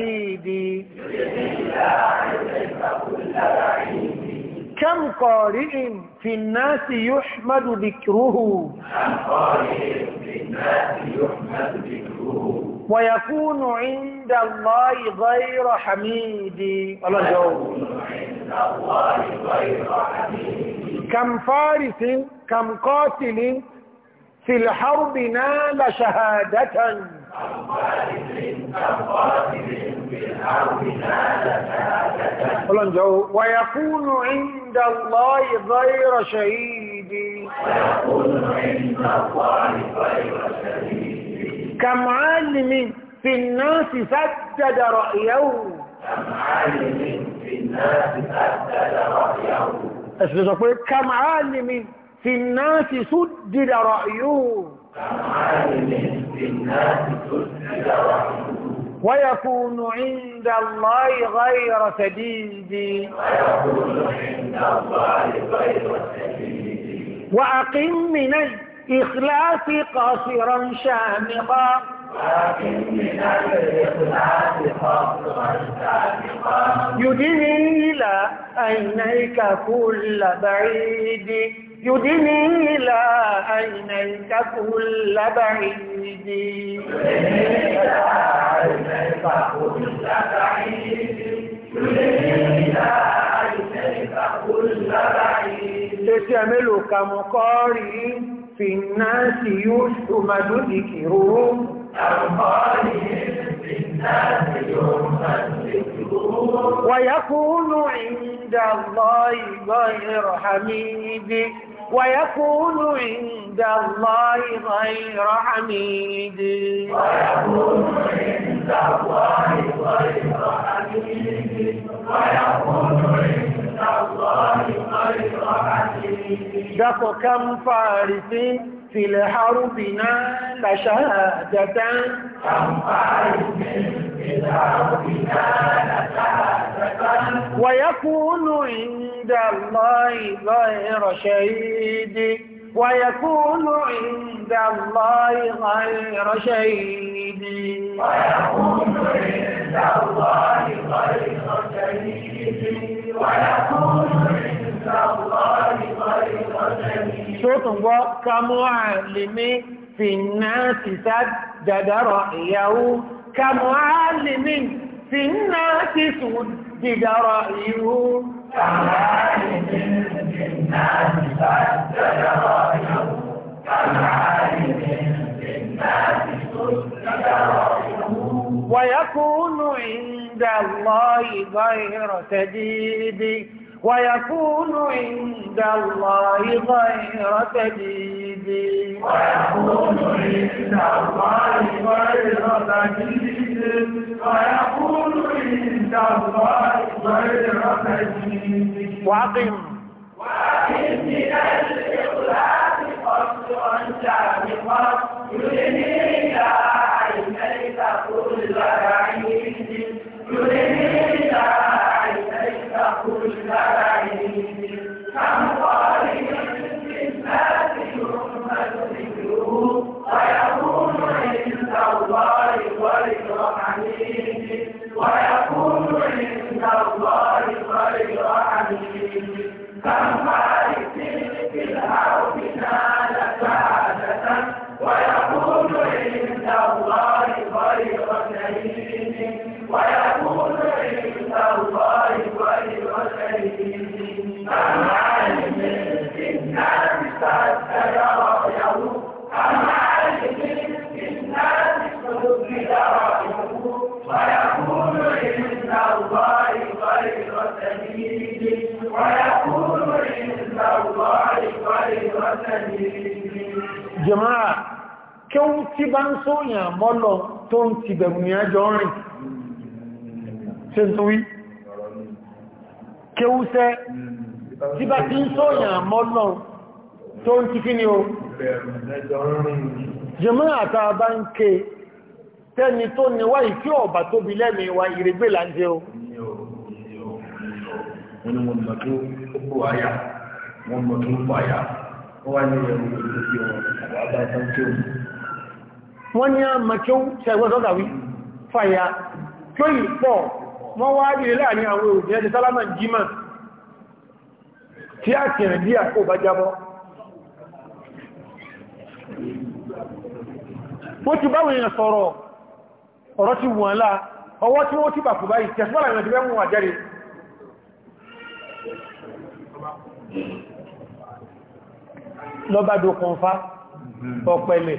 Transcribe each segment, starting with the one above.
عيدي كم قارئ في الناس يحمد ذكره ويكون عند الله غير حميد الله جاوب كم فارس كم قاتل في الحرب نال شهادة كم فارس كم قاتل ويكون عند الله غير شهيد كم علم في الناس سدد رأيه كم عالم في الناس سدد رأيه كم عالم في الناس سدد رأيه ويكون عند الله غير سديد ويكون عند الله غير وأقم من الإخلاص قاصرا شامقا يدني إلى عينيك كل بعيد يدني إلى عينيك كل بعيد تجملك مقاري في الناس يحمد ذكره أمقاري في الناس ذكره ويكون عند الله غير حميد ويكون عند الله غير حميد ويكون عند الله غير حميد ويكون عند الله غير حميد كم فارس في الحرب نال شهادة كم فارس ويكون عند الله غير شهيد ويكون عند الله غير شهيد ويكون عند الله غير شهيد ويكون عند الله غير شهيد صوت كمعلم في الناس سدد رأيه كمعلم في الناس سد جرائه كمعلم في الناس سد جرائه كمعلم في الناس سد جرائه ويكون عند الله غير سديد ويكون عند الله غير تجيب ويكون عند الله غير تجيب ويكون عند الله غير تجيب وأقم وأقم من الإخلاص قصرا سابقا àbọ́lọ̀ tó ń ti bẹ̀rùnìyàn jọ rìn ṣe ń torí kéúsẹ́ tí bá ti ń sóyàn àmọ́lọ̀ tó ń ti kí ni o jẹmọ́ àta ń ké tẹ́ni tó níwá ìfí ọ̀bà tóbi lẹ́mi wa ìrègbè láńjẹ́ o wọ́n mọ̀ tó kó àyà wọ́n mọ̀ tó kó àyà wọ́n wá ní ẹ̀rù ìgbésí wọ́n ní àmà kí ó ṣẹ̀gbọ́n sọ́gàwí fàyà kí ó yìí pọ̀ wọ́n wá rí láàrin àwọn òjìyàn ti sálámà jímà tí a kìrìn bí àkó bá jábọ́ ó ti bá wèèyàn sọ̀rọ̀ ọ̀rọ̀ ti wọ̀n lá ọwọ́ tí wọ́n ti bà kù báyìí tẹ̀síwọ́lá ìrìn àjẹ́bẹ́ mú àjẹ́rẹ́ lọ́bàdó kọ̀ǹfà ọ̀pẹ̀lẹ̀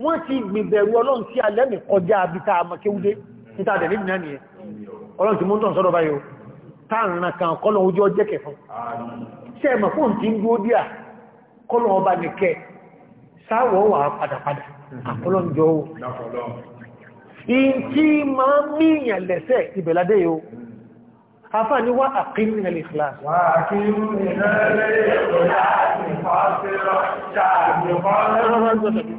wọ́n ti gbìbẹ̀rù ọlọ́run sí alẹ́mì kọjá abita amakéwúdé níta àdẹ̀lẹ́ ìdínà nìyẹn ọlọ́run ti mú tàn sọ́dọ̀ báyìí táàrin kan kọ́lọ̀ ojú ọjẹ́ kẹ fún ṣe ẹ̀mọ̀ fún ti ń dúó díà kọ́lọ̀ ọba nìkẹ́ sáwọ̀ wà padàpadà àkọ́lọ́njọ́ afá ní wá àkínú ní al-ikhlas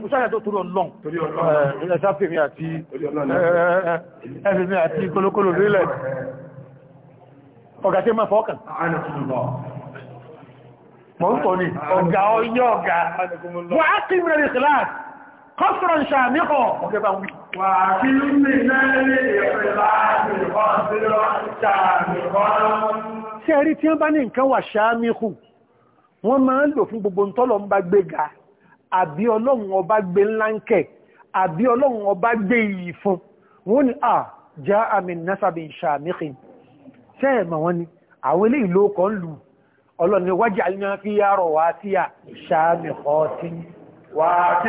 ìsáyà tó torí ọlọ́n ẹ̀ṣàfẹ́mi àti kọlọkọlọ rílẹ̀ ọ̀gá tí ma fọ́ọ̀kàn mọ̀ ń kọ̀ ní ọ̀gá ọyọ́ ọ̀gá wà á kí ìrìnlẹ̀ ìkìláàsì kọ́sùrọ̀ ṣàmíkọ̀ ọ̀gẹ́bà wí. Wà kí ló ní lẹ́lẹ́ ìpẹ̀ láti ọ̀sílọ́ ṣàmíkọ̀. Ṣé rí tí wọ́n bá ní nǹkan wà ṣàmíkù, wọ́n máa ń lò fún gbogbo ntọ́lọ̀ ń bá gbé ga, àbí ọlọ́run ọba gbé Wọ́n ní à já àmì násàbí ṣàmíkì. Ṣé ẹ̀mọ̀ wọn ni àwọn ilé ìlú kan lù ọlọ́run ni wájà ní wọ́n fi yàrá wá sí à ṣàmíkọ̀ tí. Ah!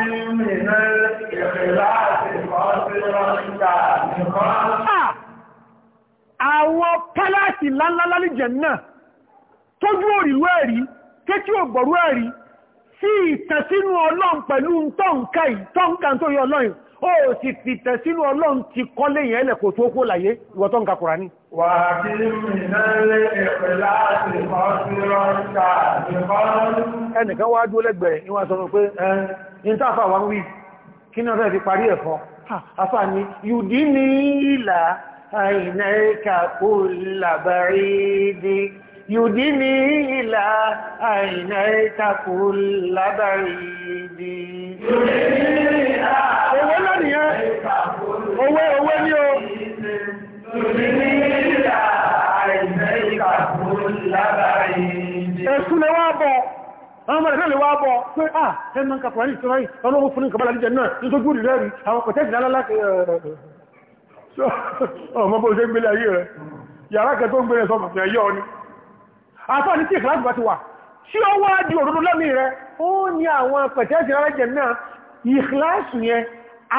Àwọn pálásì lálálálì jẹ̀ náà tójú òrìlú ẹ̀rí, kékí ògbọ̀rú ẹ̀rí, sí ìtẹ̀sínú ọlọ́run pẹ̀lú tọ́ǹkà ìtọ́ǹkà tó yọ ọlọ́run ó sì fi tẹ̀sínú ọlọ́run ti kọ́lé yẹn ẹlẹ̀ kò tó kó láyé ìwọ tọ́ǹkà Kùránì. wà á kí mìírànlẹ̀ ẹ̀pẹ̀ láti kọ́ sí rọ́ńkà ìbọn. ẹnìkan wá dúró lẹ́gbẹ̀ẹ́ ni wọ́n sọ pé ẹ ní táfà wá wí yùdíní ìlà àìnà ìtàkù lábàáyìdì. Owó lónìyàn, owó owó ní o. Yùdíní ìlà àìnà ìtàkù lábàáyìdì. Ẹ̀sùn lè wá bọ̀, àwọn ọmọdé náà lè wá bọ̀ pé à ẹmọ kàkùnrin ìṣọ́rọ̀ yìí, ọlọ́wọ́ fún ní kàbálà jíjẹ náà ní tó gúrì rẹ̀ àwọn kòtẹ́sì lálálá ọmọ àtọ́ ní tí ìkìláàsì bá ti wà tí ó wá di òdodo lọ́mí rẹ ó ní àwọn pẹ̀tẹ́sì rẹ́jẹ̀ náà ìkìláàsì yẹn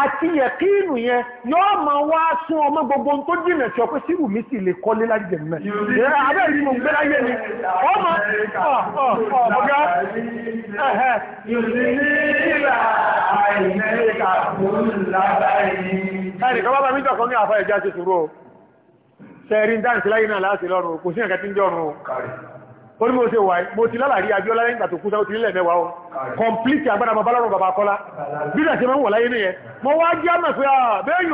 àti yẹ̀kínù yẹn yóò ma wá sún ọmọ gbogbo tó jìnà tí ọpẹ́ sírù mi sì lè kọ́lé lájẹ̀ náà abẹ́ ìlú gbé láyé ni ọmọ ọ̀bọ̀gá ẹ̀hẹ́ sẹ́rí dáǹtí láyé náà láti lọ́rùn kò sí ẹ̀kẹ́ tí ń jọrùn o ó ní mo ṣe wà mo ti lálàrí abíọ́lá lẹ́yìn ìgbà tó kú sáwọ́ ti nílẹ̀ mẹ́wàá o kọ̀m̀plìtì agbára bàbá lọ́rùn bàbá kọ́lá bí i ṣe máa ń wọ̀ láyé nìyẹn mo wá jẹ́ àmà pé ah, bẹ́ẹ̀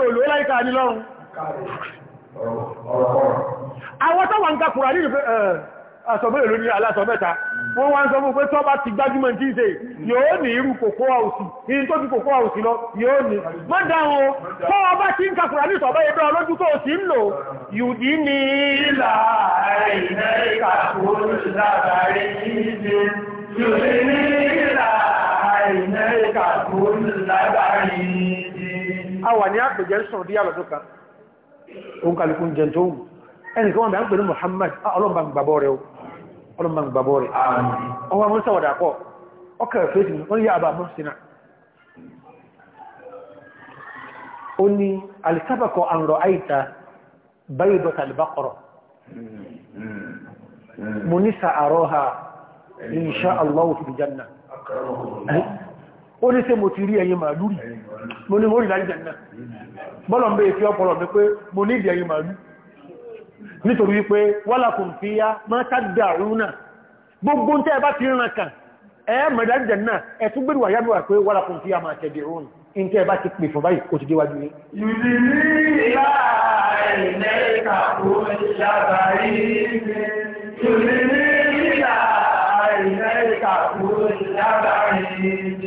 asọ̀bẹ̀rẹ̀ ló ní alásọ̀bẹ̀ta wọ́n wá ń sọ fún pé tọ́bá ti gbájúmọ̀ tí ṣe yóò ní irú kòkó àwùsì in tó ti kòkó àwùsì lọ yóò ní mọ́dáwọn kọ́ ọba tí ń kàkùrà ní sọ̀bẹ̀ ẹgbẹ́ ọlọ́jú tó sì ń lò yùdí ẹnìkan wọ́n bẹ̀ ń pè ní Muhammad ah, ọlọ́m̀bàgbàbọ̀ rẹ̀ ọwọ́ mọ́ sáwọ̀dà kọ́ ọkà fèsì wọ́n yá àbà mọ́ sínà ó ní alìsábàkọ̀ àrọ̀ àìta báyìí dọ́ta albaqara mo ní sàárọ̀ ha insha Allah fi janna ó ní sẹ́ mo ti rí ẹyin màálù rí mo ní mo rí láì janna bọ́lọ̀ mbẹ́ fi ọpọlọ mi pé mo ní ìdí ẹyin màálù nítorí wípé wọ́làkùn fi yá máa tàdà rúnà gbogbo tẹ́ bá ti rìnrìn kan ẹ mẹ́dájẹ̀ náà ẹ tún gbẹ̀rù àyàbíwà pé wọ́làkùn fi yá máa tẹ̀dì rúnà in tẹ́ bá ti pè fún báyìí kò ti déwájú ní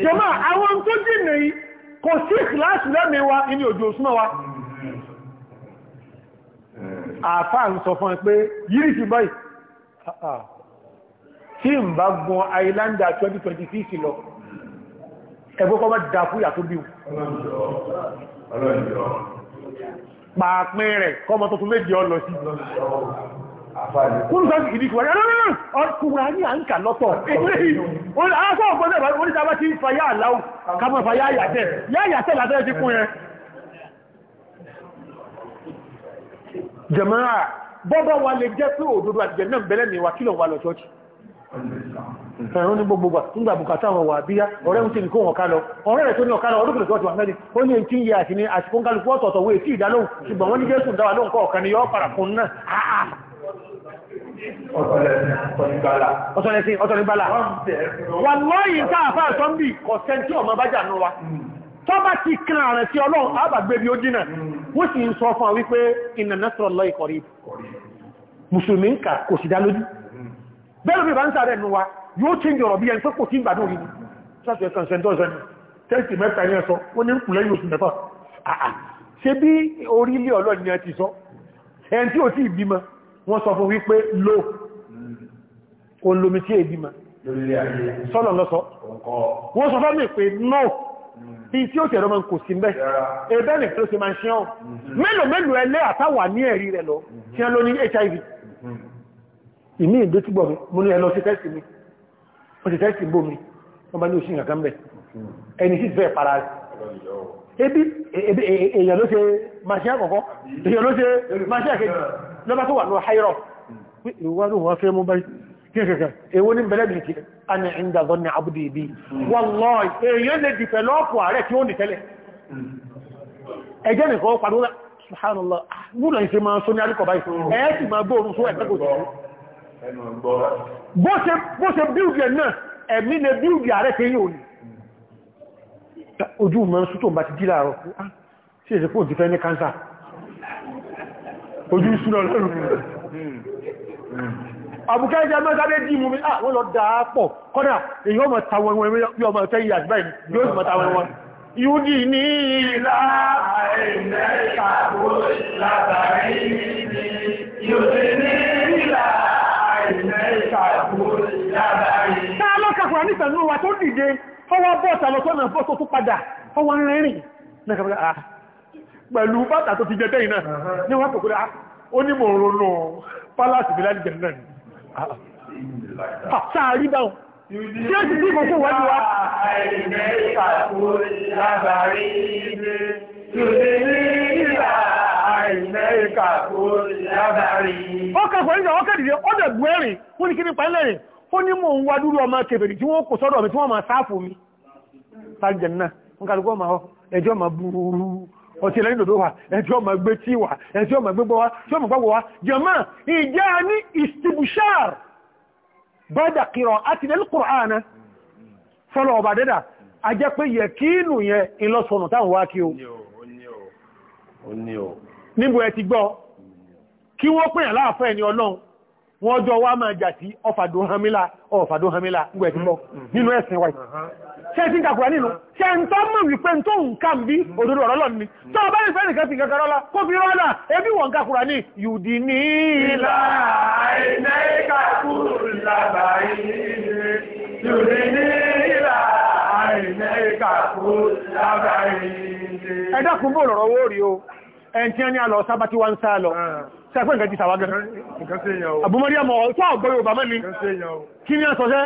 jẹ́mà àwọn tó jìnà kò sí ìkìláàsì lẹ́mìí wa inú òjò òsúnmọ́ wa àfáà ń sọ fún ẹ pé yìí sí báyìí ah, ah. tí ń bá gun islander 2026 lọ ẹgbẹ́ kọ́ mọ́ dà fún ìyà tó bí pàápín rẹ̀ kọ́mọ tuntun méjì ọlọ sí kúrù sáàkì ìdíkù wáyé rárá ọkùnrin ní à ń kà lọ́tọ̀ àwọn ọgbọ́n náà wọ́n ní ta bá ti ń fa yáà láwù ká mọ́ fa yáà yàtẹ̀ yáà yàtẹ̀ látẹ́ ti kún jẹ̀mọ́ra bọ́bọ́ wa lè jẹ́ pé òdodo àti jẹ̀mọ́ bẹ̀lẹ̀ mi wà kílọ̀ wà lọ ṣọ́ọ̀ṣì ẹ̀rùn ní gbogbo nígbà bùkátà wọn wà bíyá ọ̀rẹ́ ń tí ní kó wọn kálọ ọ̀rẹ́ rẹ̀ tó ní ọ̀kálọ ọdún kìlọ̀ tọ́jú àmẹ́rin ó ní tí ń yẹ àti ní àsìkò kálukú ọ̀tọ̀ọ̀tọ̀ wé tí ìdálóhùn ṣùgbọ́n wọ́n ní jésù dáwà lóhùn kọ́ ọ̀kan ni yọ́ para fún náà ọ̀tọ̀lẹ̀sìn ọ̀tọ̀lẹ̀bala wà lọ́yìn tá àfáà sọ́mbì kọ̀sẹ́ntì ọmọ bájà nù wa hmm tó bá ti kí ààrẹ sí ọlọ́run àbàgbé bí ó dínà wọ́n sì ń sọ fún wípé inna nasrallahi qarib musulmi ń kà kò sí dálójú bẹ́ẹ̀ bí bá ń sáré nù wa yóò tí ń jọrọ̀ bí ẹni tó kò tí ń gbádùn rí sáàtì ẹ̀kan sẹ́ntọ́sẹ́ni tẹ́sì mẹ́ta ní ẹ̀sọ́ ó ní kùlẹ̀ yóò sì mẹ́fà àà ṣe bí orílẹ̀ ọlọ́rin ni ẹ ti sọ ẹni tí ò tí ìbímọ wọ́n sọ fún wípé lo olómi tí èbímọ sọ́lọ̀ lọ́sọ wọ́n sọ fẹ́ mi pé no tí ó tẹ̀rọ ma ń kò sí mẹ́ ẹ̀bẹ́ ní tó ṣe ma ń ṣe ọ́ mm-hmm. mélòó mélòó ẹlẹ́ àtàwà ní ẹ̀rí rẹ̀ lọ tí ẹ lọ ní hiv mm-hmm. ìmí ìdó túbọ̀ mi mo ní ẹlọ sí tẹ́sì mi wọ́n ti tẹ́sì bó mi wọ́n bá ní oṣù ìyàgán mẹ́ mm-hmm. ẹni sí fẹ́ para ebi e, e, èèyàn ló ṣe maṣẹ́ àkọ́kọ́ èèyàn ló ṣe maṣẹ́ àkejì lọ́bá tó wà ní ọ̀háírọ̀ kíkẹ̀kẹ̀ èwo ní bẹ̀lẹ̀ bìí kìí àni ìndà ibi wallahi èèyàn lè dìfẹ̀lọ́pù ààrẹ tí ó ní tẹ́lẹ̀ ẹjẹ́ nìkan padà subhanallah múlò ah, ìṣe máa sọ ní àríkọ̀ báyìí ẹ̀ẹ́ sì máa gbóòrùn fún ẹ̀ẹ́kọ̀ bó ṣe bíúdì ẹ̀ náà ẹ̀mí ni bíúdì ààrẹ tí na ní ojú mọ́ ti àbùkẹ́jẹ́ mẹ́sàdé jí mú mi ah wọ́n lọ dáa pọ̀ kọ́dà èyí ọmọ tàwọn ẹ̀wọ̀n bí ọmọ tẹ́ yìí àti báyìí yóò tàwọn ẹ̀wọ̀n yóò ní ìlà àìlẹ́ ìkàbó látàrí yóò dì ní ah. ti ní wọ́n pẹ̀lú ah, ó ní mò Ah, sáàrí báwọn tí ó ti dìbò fún wọ́n wá. àìmẹ́ ìkàkó lábàárí ilé tòlé ní ìlà àìmẹ́ ìkàkó lábàárí. ó kẹ́kọ̀ọ́ nígbà wọ́n kẹ́dìdẹ́ ó dẹ̀ gbọ́ ẹ̀rìn fún ní kí ní pẹ́lẹ́rìn ó ní mò ń wá dúró ọmọ kẹfẹ̀rì tí wọ́n kò ọtí ẹlẹ́ni dòdó wa ẹ̀tí ọmọ ẹgbẹ́ tí wà ẹ̀tí ọmọ ẹgbẹ́ gbọ́ wa tí ọmọ gbọ́ wa jàmá ìjẹ́ ní istibushar bada kìrọ̀ àti ilẹ̀ kùránà fọ́lọ̀ ọba dẹ́dà a jẹ́ pé yẹ kínú yẹ ìlọ́sọ̀nà táwọn wá kí o níbo ẹ ti gbọ́ kí wọ́n pè láàfẹ́ ẹni ọlọ́run wọ́n jọ wá máa jà sí ọfàdó hamila ọfàdó hamila níbo ẹ ti gbọ́ mm-hmm. nínú ẹ̀sìn wáyìí ṣe ti ń kàkùrà nínú ṣe ń tọ́ mọ̀ wípé tó ń ká bí òdòdó ọ̀rọ̀ lọ tó bá ní fẹ́ẹ̀nì kan fi kankan rọ́lá kó fi rọ́lá ẹbí wọn kàkùrà ní yùdí ní ìlà àìná ìkàkùrà báyìí yùdí ní ìlà ọ̀tọ́ ah. ọ̀gbọ́ Yorùbá mẹ́ni kí ni a sọ sẹ́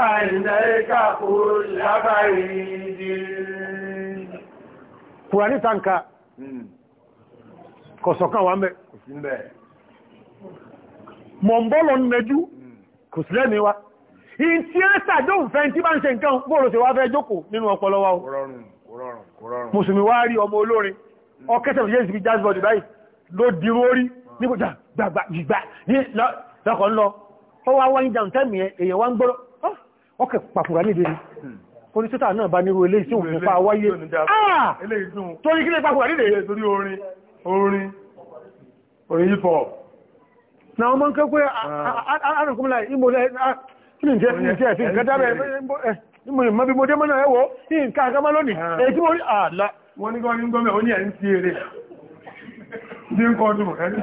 عندك كل بعيد Kùránì tànkà hmm. kọ̀sọ̀kan wà mẹ́. Mọ̀ ń bọ́lọ̀ ń mẹjú hmm. kò sílẹ̀ ní wa. In tí ó sàjọ́ òfẹ́ tí bá ń ṣe nǹkan bóòrò sí wá fẹ́ jókòó nínú ọpọlọ wa o. Mùsùlùmí wá rí ọmọ olórin, hmm. ọkẹ́sẹ̀ ọkẹ̀ pàkùrà ní ìdíni hmm. oníṣẹ́ta náà bá ilé òun pa wáyé ah! torí kí lè ní ìdíni torí orin orin orin na ọmọ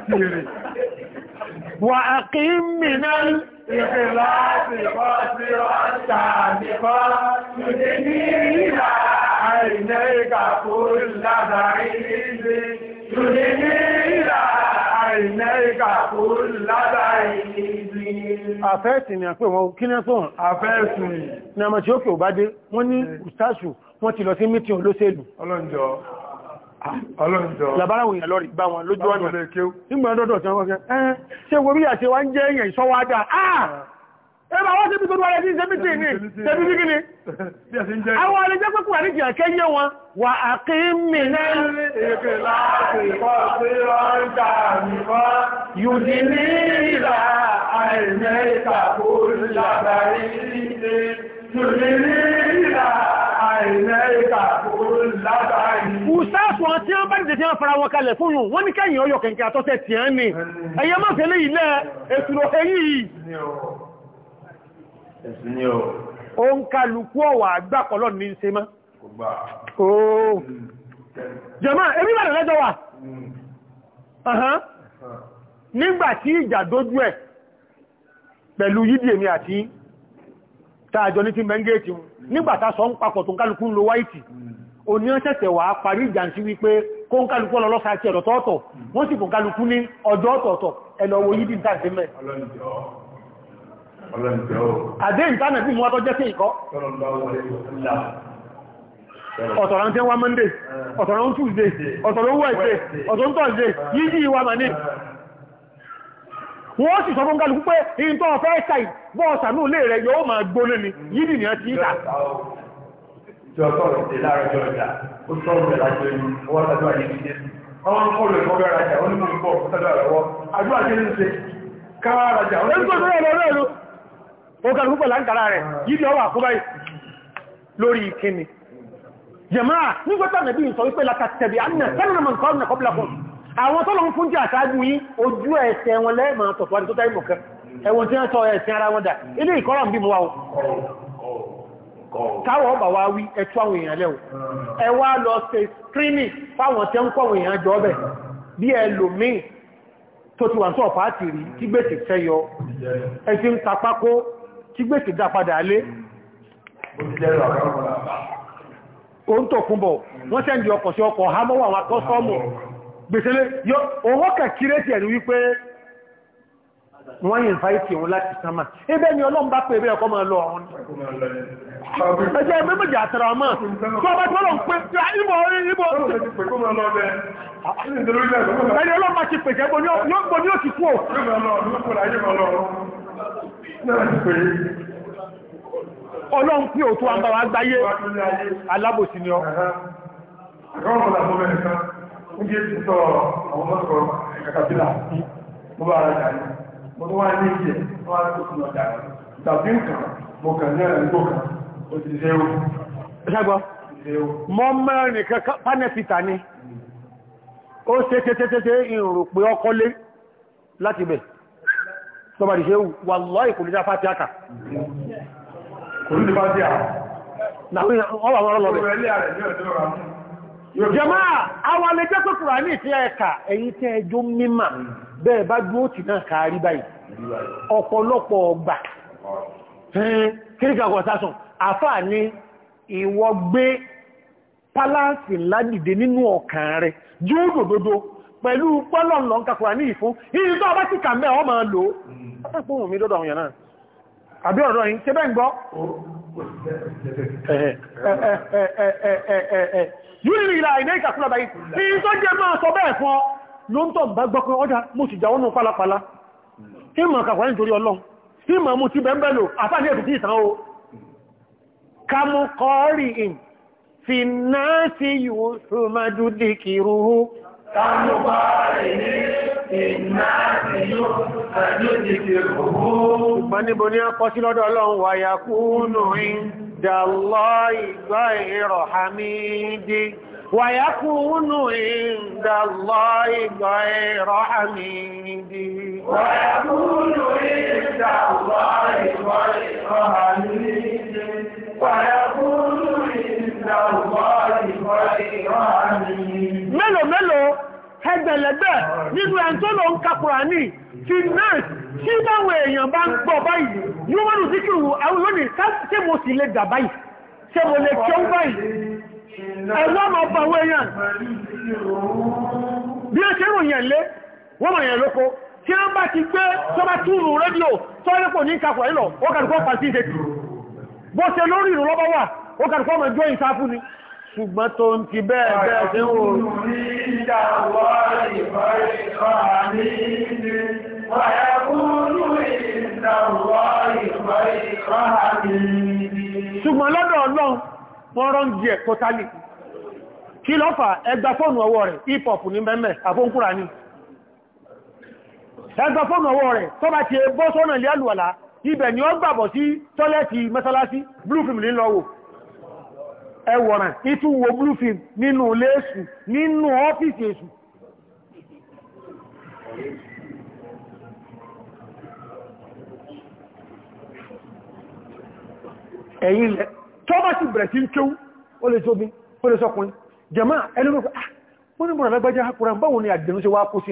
ń ní n وأقيم من الإخلاص قصرا سابقا تدني إلى عينيك كل بعيد تدني إلى عينيك كل بعيد Àfẹ́ẹ̀sì ni àpé wọn kí ní sọ́rọ̀. Àfẹ́ẹ̀sì ni. Ní àmà tí ó kè ò bá dé, wọ́n ní ìsáṣù, wọ́n ti lọ sí mítí olóṣèlú. Ọlọ́njọ́. Làbáráwò èèyàn lọ́rì bá wọn lójú ọ̀nà. Nígbà ọdọ́dọ̀ tí wọ́n kẹ́, ẹ́ ṣe wo bí àṣẹ wá ń jẹ́ èèyàn ìṣọ́wádà. Àà! Ẹ bá wọ́n sí ibi tó dúwà rẹ̀ sí ìṣẹ́bìtì ní, ṣẹ́bí sí gíní. Àwọn alẹ́jẹ́ pẹ́kù wà ní ìjìyà kẹ́yẹ wọn, méje tí wọ́n fara wọn kalẹ̀ fún yùn wọ́n ní kẹ́yìn ọyọ̀ kẹ̀kẹ́ àtọ́tẹ̀ tí ẹ́ ní ẹ̀yẹ máa fẹ́ lé ilẹ̀ ètùrò ẹ̀yìn o ń kálukú ọ̀wà àgbàkọ́lọ̀ ní ṣe mọ́ jẹ́mọ́ ebí bàrẹ̀ lẹ́jọ́ wà hmm. nígbà tí ìjà dójú ẹ̀ pẹ̀lú yídì èmi àti tààjọ ní ti mẹ́ngẹ́ẹ̀tì hmm. nígbà sọ ń papọ̀ tó ń kálukú ń lo wáìtì oníọ́sẹ̀sẹ̀ hmm. wà parí ìjà sí wípé kó ń kálukú ọlọ́lọ́sà àti ẹ̀rọ tọ́ọ̀tọ̀ wọ́n sì kò kálukú ní ọjọ́ ọ̀tọ̀ọ̀tọ̀ ẹlọ́wọ́ yìí dìntà sí mẹ́ àdé ìtànà bí wọ́n tó jẹ́ sí ìkọ́ ọ̀tọ̀rọ̀ tí wọ́n Monday ọ̀tọ̀rọ̀ Tuesday ọ̀tọ̀rọ̀ Wednesday ọ̀tọ̀rọ̀ Thursday yíjí ìwà mà ní wọ́n sì sọ fún kálukú pé ìntọ́ ọ̀fẹ́ ṣàì bọ́ọ̀sà ní olè rẹ̀ yóò máa gbóná ni yídì ni ti ń ta tí ọkọ̀ rẹ̀ tẹ̀ láàrẹ̀jọ ọjà ó sọ̀rọ̀ rẹ̀ lájọ ẹni ọwọ́ tàbí àyè ní jẹ́ ọwọ́ ń kọ́ lè kọ́ bẹ́ẹ̀ rajà ó ní mọ̀ pọ̀ tàbí àrọ̀wọ́ àdúrà jẹ́ ní ṣe káwà rajà ó ní kọ́ sọ́rọ̀ lọ rẹ̀ lọ ó kàrù púpọ̀ láńkàrà rẹ̀ yìí ọwọ́ àkóbá lórí ìkíni jẹ̀máà nígbàtà nàbí ìsọ̀ wípé látàtẹ̀bí àmì sẹ́nà mọ̀ nǹkan ọ̀nà kọ́bílà fún àwọn tọ́lọ̀ ń fún jẹ́ àṣáájú yí ojú ẹ̀ẹ̀sẹ̀ wọn lẹ́ẹ̀mọ̀ tọ̀tọ̀ àti tó tẹ́ ìmọ̀kẹ́ ẹ̀wọ̀n tí wọ́n sọ ẹ̀ẹ̀sẹ̀ ara wọn dà ilé ìkọ́rọ̀ ń bí mọ́ wa káwọn ọba wa wí ẹ̀tú àwọn èèyàn lẹ́wọ̀ uh-huh. ẹ lọ ṣe screening fáwọn tẹ́ ń kọ̀wọ̀ èèyàn jọ bẹ̀ bí ẹ lò míì tó ti wà ń sọ̀pá rí gbèsè fẹ́ yọ ẹ ti ń gbèsè dá padà lé kún bọ̀ wọ́n ọkọ̀ sí ọkọ̀ hámọ́wọ́ àwọn akọ́sọ́mù uh-huh. gbèsè lé wọ́n yìí fàíkì wọn láti sánmà ebe ni ọlọ́run bá pè ebe ọkọ́ máa lọ ọ̀run ẹjẹ́ ẹgbẹ́ méjì àtàrà ọmọ ah, tó ọba tó lọ́n pé ìbọ̀ ìbọ̀ ẹni ọlọ́run bá ti pèsè ẹgbọ́ ní òsì kú ò ọlọ́run pí òtú àbáwà gbáyé alábòsí ni ọ Mo bá ara jà ní mo tó wá ní ìjẹ́ tó wá tó fún ọjà tàbí nǹkan mo kàn ní ẹ̀rọ kan ó ti ṣe ó ṣẹ́gbọ́ mọ́ mẹ́rin kan pánẹ́fìtà ni ó ṣe tẹ́tẹ́tẹ́tẹ́ ìrùn pé ọkọ́ lé láti bẹ̀ tọ́bàdì ṣe wà lọ́ ìkòlùdá fàtí àkà kò ní fàtí à jẹ́mà àwọn alẹ́ jẹ́ pẹ́kùrà ní ìfẹ́ ẹ̀ka ẹ̀yìn tẹ́ ẹjọ́ mímà bẹ́ẹ̀ bá dúó tì náà kàárí báyìí ọ̀pọ̀lọpọ̀ ọgbà kíríkàkọ̀ sásùn àfà ní ìwọ gbé pálásì ládìde nínú ọkàn rẹ̀ jùúdò dodo pẹ̀lú pọ́lọ̀lọ̀ kàkùrà ní ìfún ìyí tó bá ti kà mẹ́ ọ yúrìrì ìlà ìdẹ́ ìkàkúlọ̀ báyìí ní tó jẹ máa sọ bẹ́ẹ̀ fún ló ń tọ́ bá gbọ́kún ọjà mo sì jà ọ̀nà pálapàla tí mọ̀ kàkwà nítorí ọlọ́run tí mọ̀ mú ti bẹ́ẹ̀ lò àfáàní ètùtù o Ṣùgbọ́n níbo ní a kọ́ sí lọ́dọ̀ Ọlọ́run wà yà kúrò ìdàlọ́ ìgbà ìrọ̀ hamidi. Wà ìgbà ìrọ̀ hamidi. Wà yà kúrò ìdàlọ́ ìgbà ìgbà ìrọ̀ hamidi. Mélòó mélòó ẹgbẹ̀lẹ́gbẹ̀ nínú ẹn tó ń kapùrà ní ti náà tí báwọn èèyàn bá ń gbọ́ báyìí yíó wọ́n lùdí kí àwọn lónìí ṣé mo sì lè dà báyìí ṣé mo lè kí ó báyìí ẹ̀rọ ọmọ ọba àwọn èèyàn bí ó ṣe ròyìn yẹn lóko wọ́n mọ̀ ṣùgbọ́n tó ń ti bẹ́ẹ̀ bẹ́ẹ̀ tí ó rí ìdáwọ́ ìfọ́ ìkọ́ àní ní wàyẹ̀kúrú ìdáwọ́ ìfọ́ ìkọ́ àní ní ṣùgbọ́n lọ́dọ̀ ọlọ́run wọ́n rán jẹ kó tálì kí ló fà ẹgbà fóònù ọwọ́ rẹ̀ hip ní mẹ́mẹ́ àfóǹkúra ní ẹgbà fóònù ọwọ́ rẹ̀ tó bá ti bọ́ sọ́nà ilé àlùwàlá ibẹ̀ ni ó gbàbọ̀ sí tọ́lẹ́tì mẹ́sálásí blue film ní lọ́wọ́ ẹwọ̀ràn ìtún wo bluefin nínú léèsù nínú ọ́fíìsì èṣù ẹ̀yìn ilẹ̀ tó bá sì bẹ̀rẹ̀ sí ń kéwú ó lè tóbi ó lè sọkùnrin jẹ̀má ẹni ló wọ́n ní mọ̀ràn lágbàjá kùrán báwọn ni àdìdẹ̀nú ṣe wá kó sí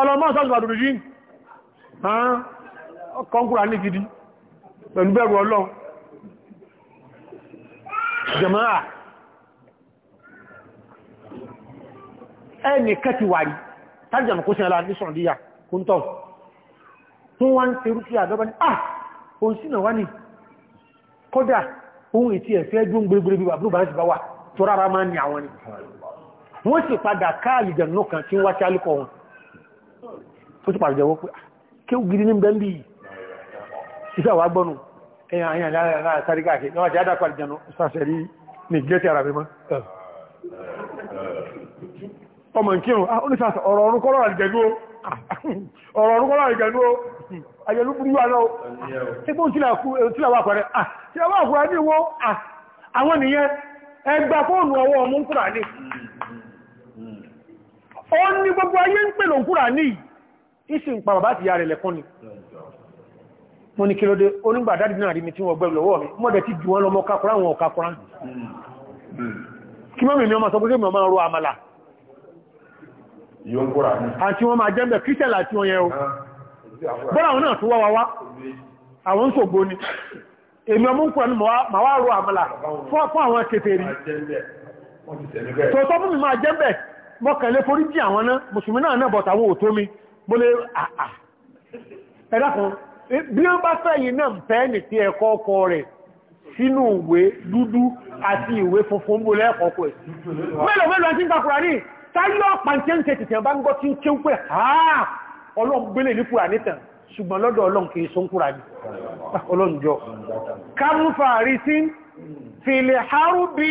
ọlọ́mọ́ sọ́sọ̀ àdúrú yìí kọ́nkúrà ní gidi pẹ̀lú bẹ̀rù ọlọ́run jẹ̀máà ẹni kẹti wà rí tàbí kó sínú aláàrí sọ̀rọ̀ díyà kó ń tọ́ tó wá ń terú sí àdọ́bá ní ah òun sínà wá ní kódà ohun ètí ẹ̀fẹ́ dún gbogbo bí wàbúrú bá ń sì bá wà tó rárá máa ń ní àwọn ni wọ́n sì padà káàlì jẹ̀ tó ti pàrọ̀ jẹ́wọ́ pé ah, kí ó gidi ní bẹ́ẹ̀lì iṣẹ́ àwọn agbọ́nù ẹ̀yàn àyàn lára sáré káàkiri náà jẹ́ àdàpà ìjànà sàṣẹ̀rí ní gẹ́ẹ̀tì ara mímọ́ ọmọ ìkírùn oníṣàṣà ọ̀rọ̀ ọ̀rún kọ́rọ̀ àjẹ́gbó ọ̀rọ̀ ọ̀rún kọ́rọ̀ àjẹ́gbó àjẹ́lú burú wà náà tí kó tílàwà pẹ̀rẹ̀ tílàwà pẹ̀rẹ̀ ní wọ́n àwọn nìyẹn ẹgbà fóònù ọwọ́ ọmọ ń kúrà ní ìsì ń pa bàbá àti ìyá rẹ̀ lẹ́kọ́ ni mo ní kílódé onígbàdádì náà rí mi tí wọ́n gbẹ̀rù lọ́wọ́ mi mọ́dẹ̀ tí jù wọ́n lọ́mọ kakura àwọn ọ̀kakura kí mọ́ mi ni ọmọ sọ pé mi ọmọ ọrọ̀ àmàlà àti wọ́n máa jẹ́mbẹ̀ kírísẹ̀lá àti wọ́n yẹ o bọ́ra àwọn náà tó wá wá àwọn sògbó ni èmi ọmọ nǹkan ni ma wá forí jí àwọn náà mùsùlùmí náà náà bọ̀tàwọn òtó mi mo lè àà ẹ̀dá kan bí ó bá fẹ́yìn náà fẹ́ nì tí ẹ̀kọ́ ọkọ rẹ̀ sínú ìwé dúdú àti ìwé funfun bó lẹ́ẹ̀kọ́kọ́ ẹ̀ mélòó mélòó àti ń kakura ní táyọ̀ pàǹtẹ́ǹtẹ́ tìtẹ̀ bá ń gọ́ tí ń ké pé àà ọlọ́run gbélé ní kura nítàn ṣùgbọ́n lọ́dọ̀ ọlọ́run kìí sún kura ní ọlọ́run jọ kamfarisin fil harbi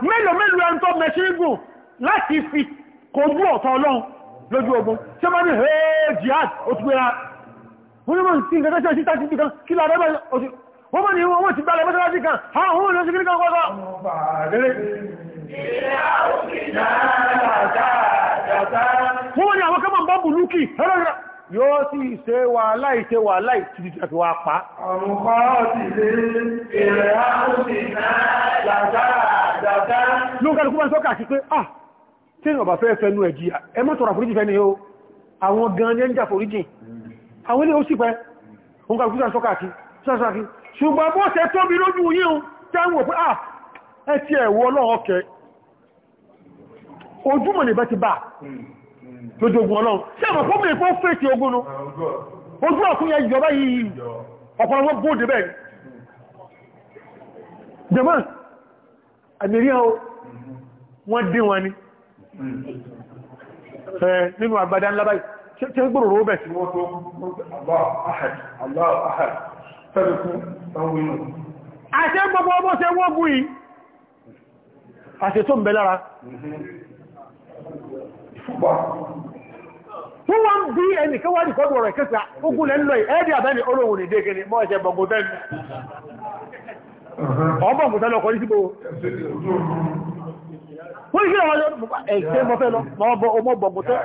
Mélòó mélòó ẹni tó mẹ́ṣírígùn láti fi kojú ọ̀tọ̀ ọlọ́run lójú ogun. Ṣé máa ní ẹ̀ẹ́ jihad òtùgbéra? Wọ́n mọ́ sí sí ìta sí ìkan ti kan, ha wọ́n ní oṣìkiri kan kọ́kọ́. Wọ́n mọ́ àwọn kọ́mọ̀ bọ́ọ̀bù lúkì, ẹlọ́rọ̀ yóò sì ṣe wàhálà ìṣe wàhálà ìtìdì àti wà pa. ọ̀rùnkọ́ ti lè èrè áhùsì náà dàdá. ló ń kálukú bá ń sọ́kà sí pé ah tí ìrìnàbà fẹ́ fẹ́nu ẹ̀ jìyà ẹ mọ́ tọrọ àforíjì fẹ́ni o àwọn gan ní ẹnjà foríjì àwọn ilé ó sì pẹ́ òun kálukú bá ń sọ́kà sí sọ́kà sí ṣùgbọ́n bó ṣe tóbi lójú yín o táwọn pé ah ẹ ti ẹ̀wọ́ ọlọ́ọ̀kẹ́ ojúmọ̀ nìbẹ́ ti bá tó jogun ọlọ́run tí àwọn fọ́mìnì kó fèsì ogun nù ojú ọ̀kún ya ìjọba yìí ọ̀pọ̀lọpọ̀ bóòdé bẹ́ẹ̀ jẹmọ́ àmìrí ọ wọ́n dín wọn ni nínú àgbàdá ńlá báyìí tí ó gbòrò róbẹ̀ sí wọ́n tó àṣẹ gbogbo ọmọ ṣe wọ́gùn yìí àṣẹ tó ń bẹ lára mhm wọ́n wá ń bí ẹni kí wá rí kọ́dù ọ̀rọ̀ ìkẹta ogun lẹ́lọ ẹ̀ẹ́dì àbẹ́ni olóhun ìdé gẹni mọ́ ẹ̀ṣẹ̀ bọ̀gbọ̀tẹ́ni uh-huh. ọgbọ̀gbọ̀tẹ́lọ kọ́ ní síbò wọ́n ní kí wọ́n lọ ẹ̀ṣẹ́ mọ́fẹ́ lọ mọ́ bọ̀gbọ̀tẹ́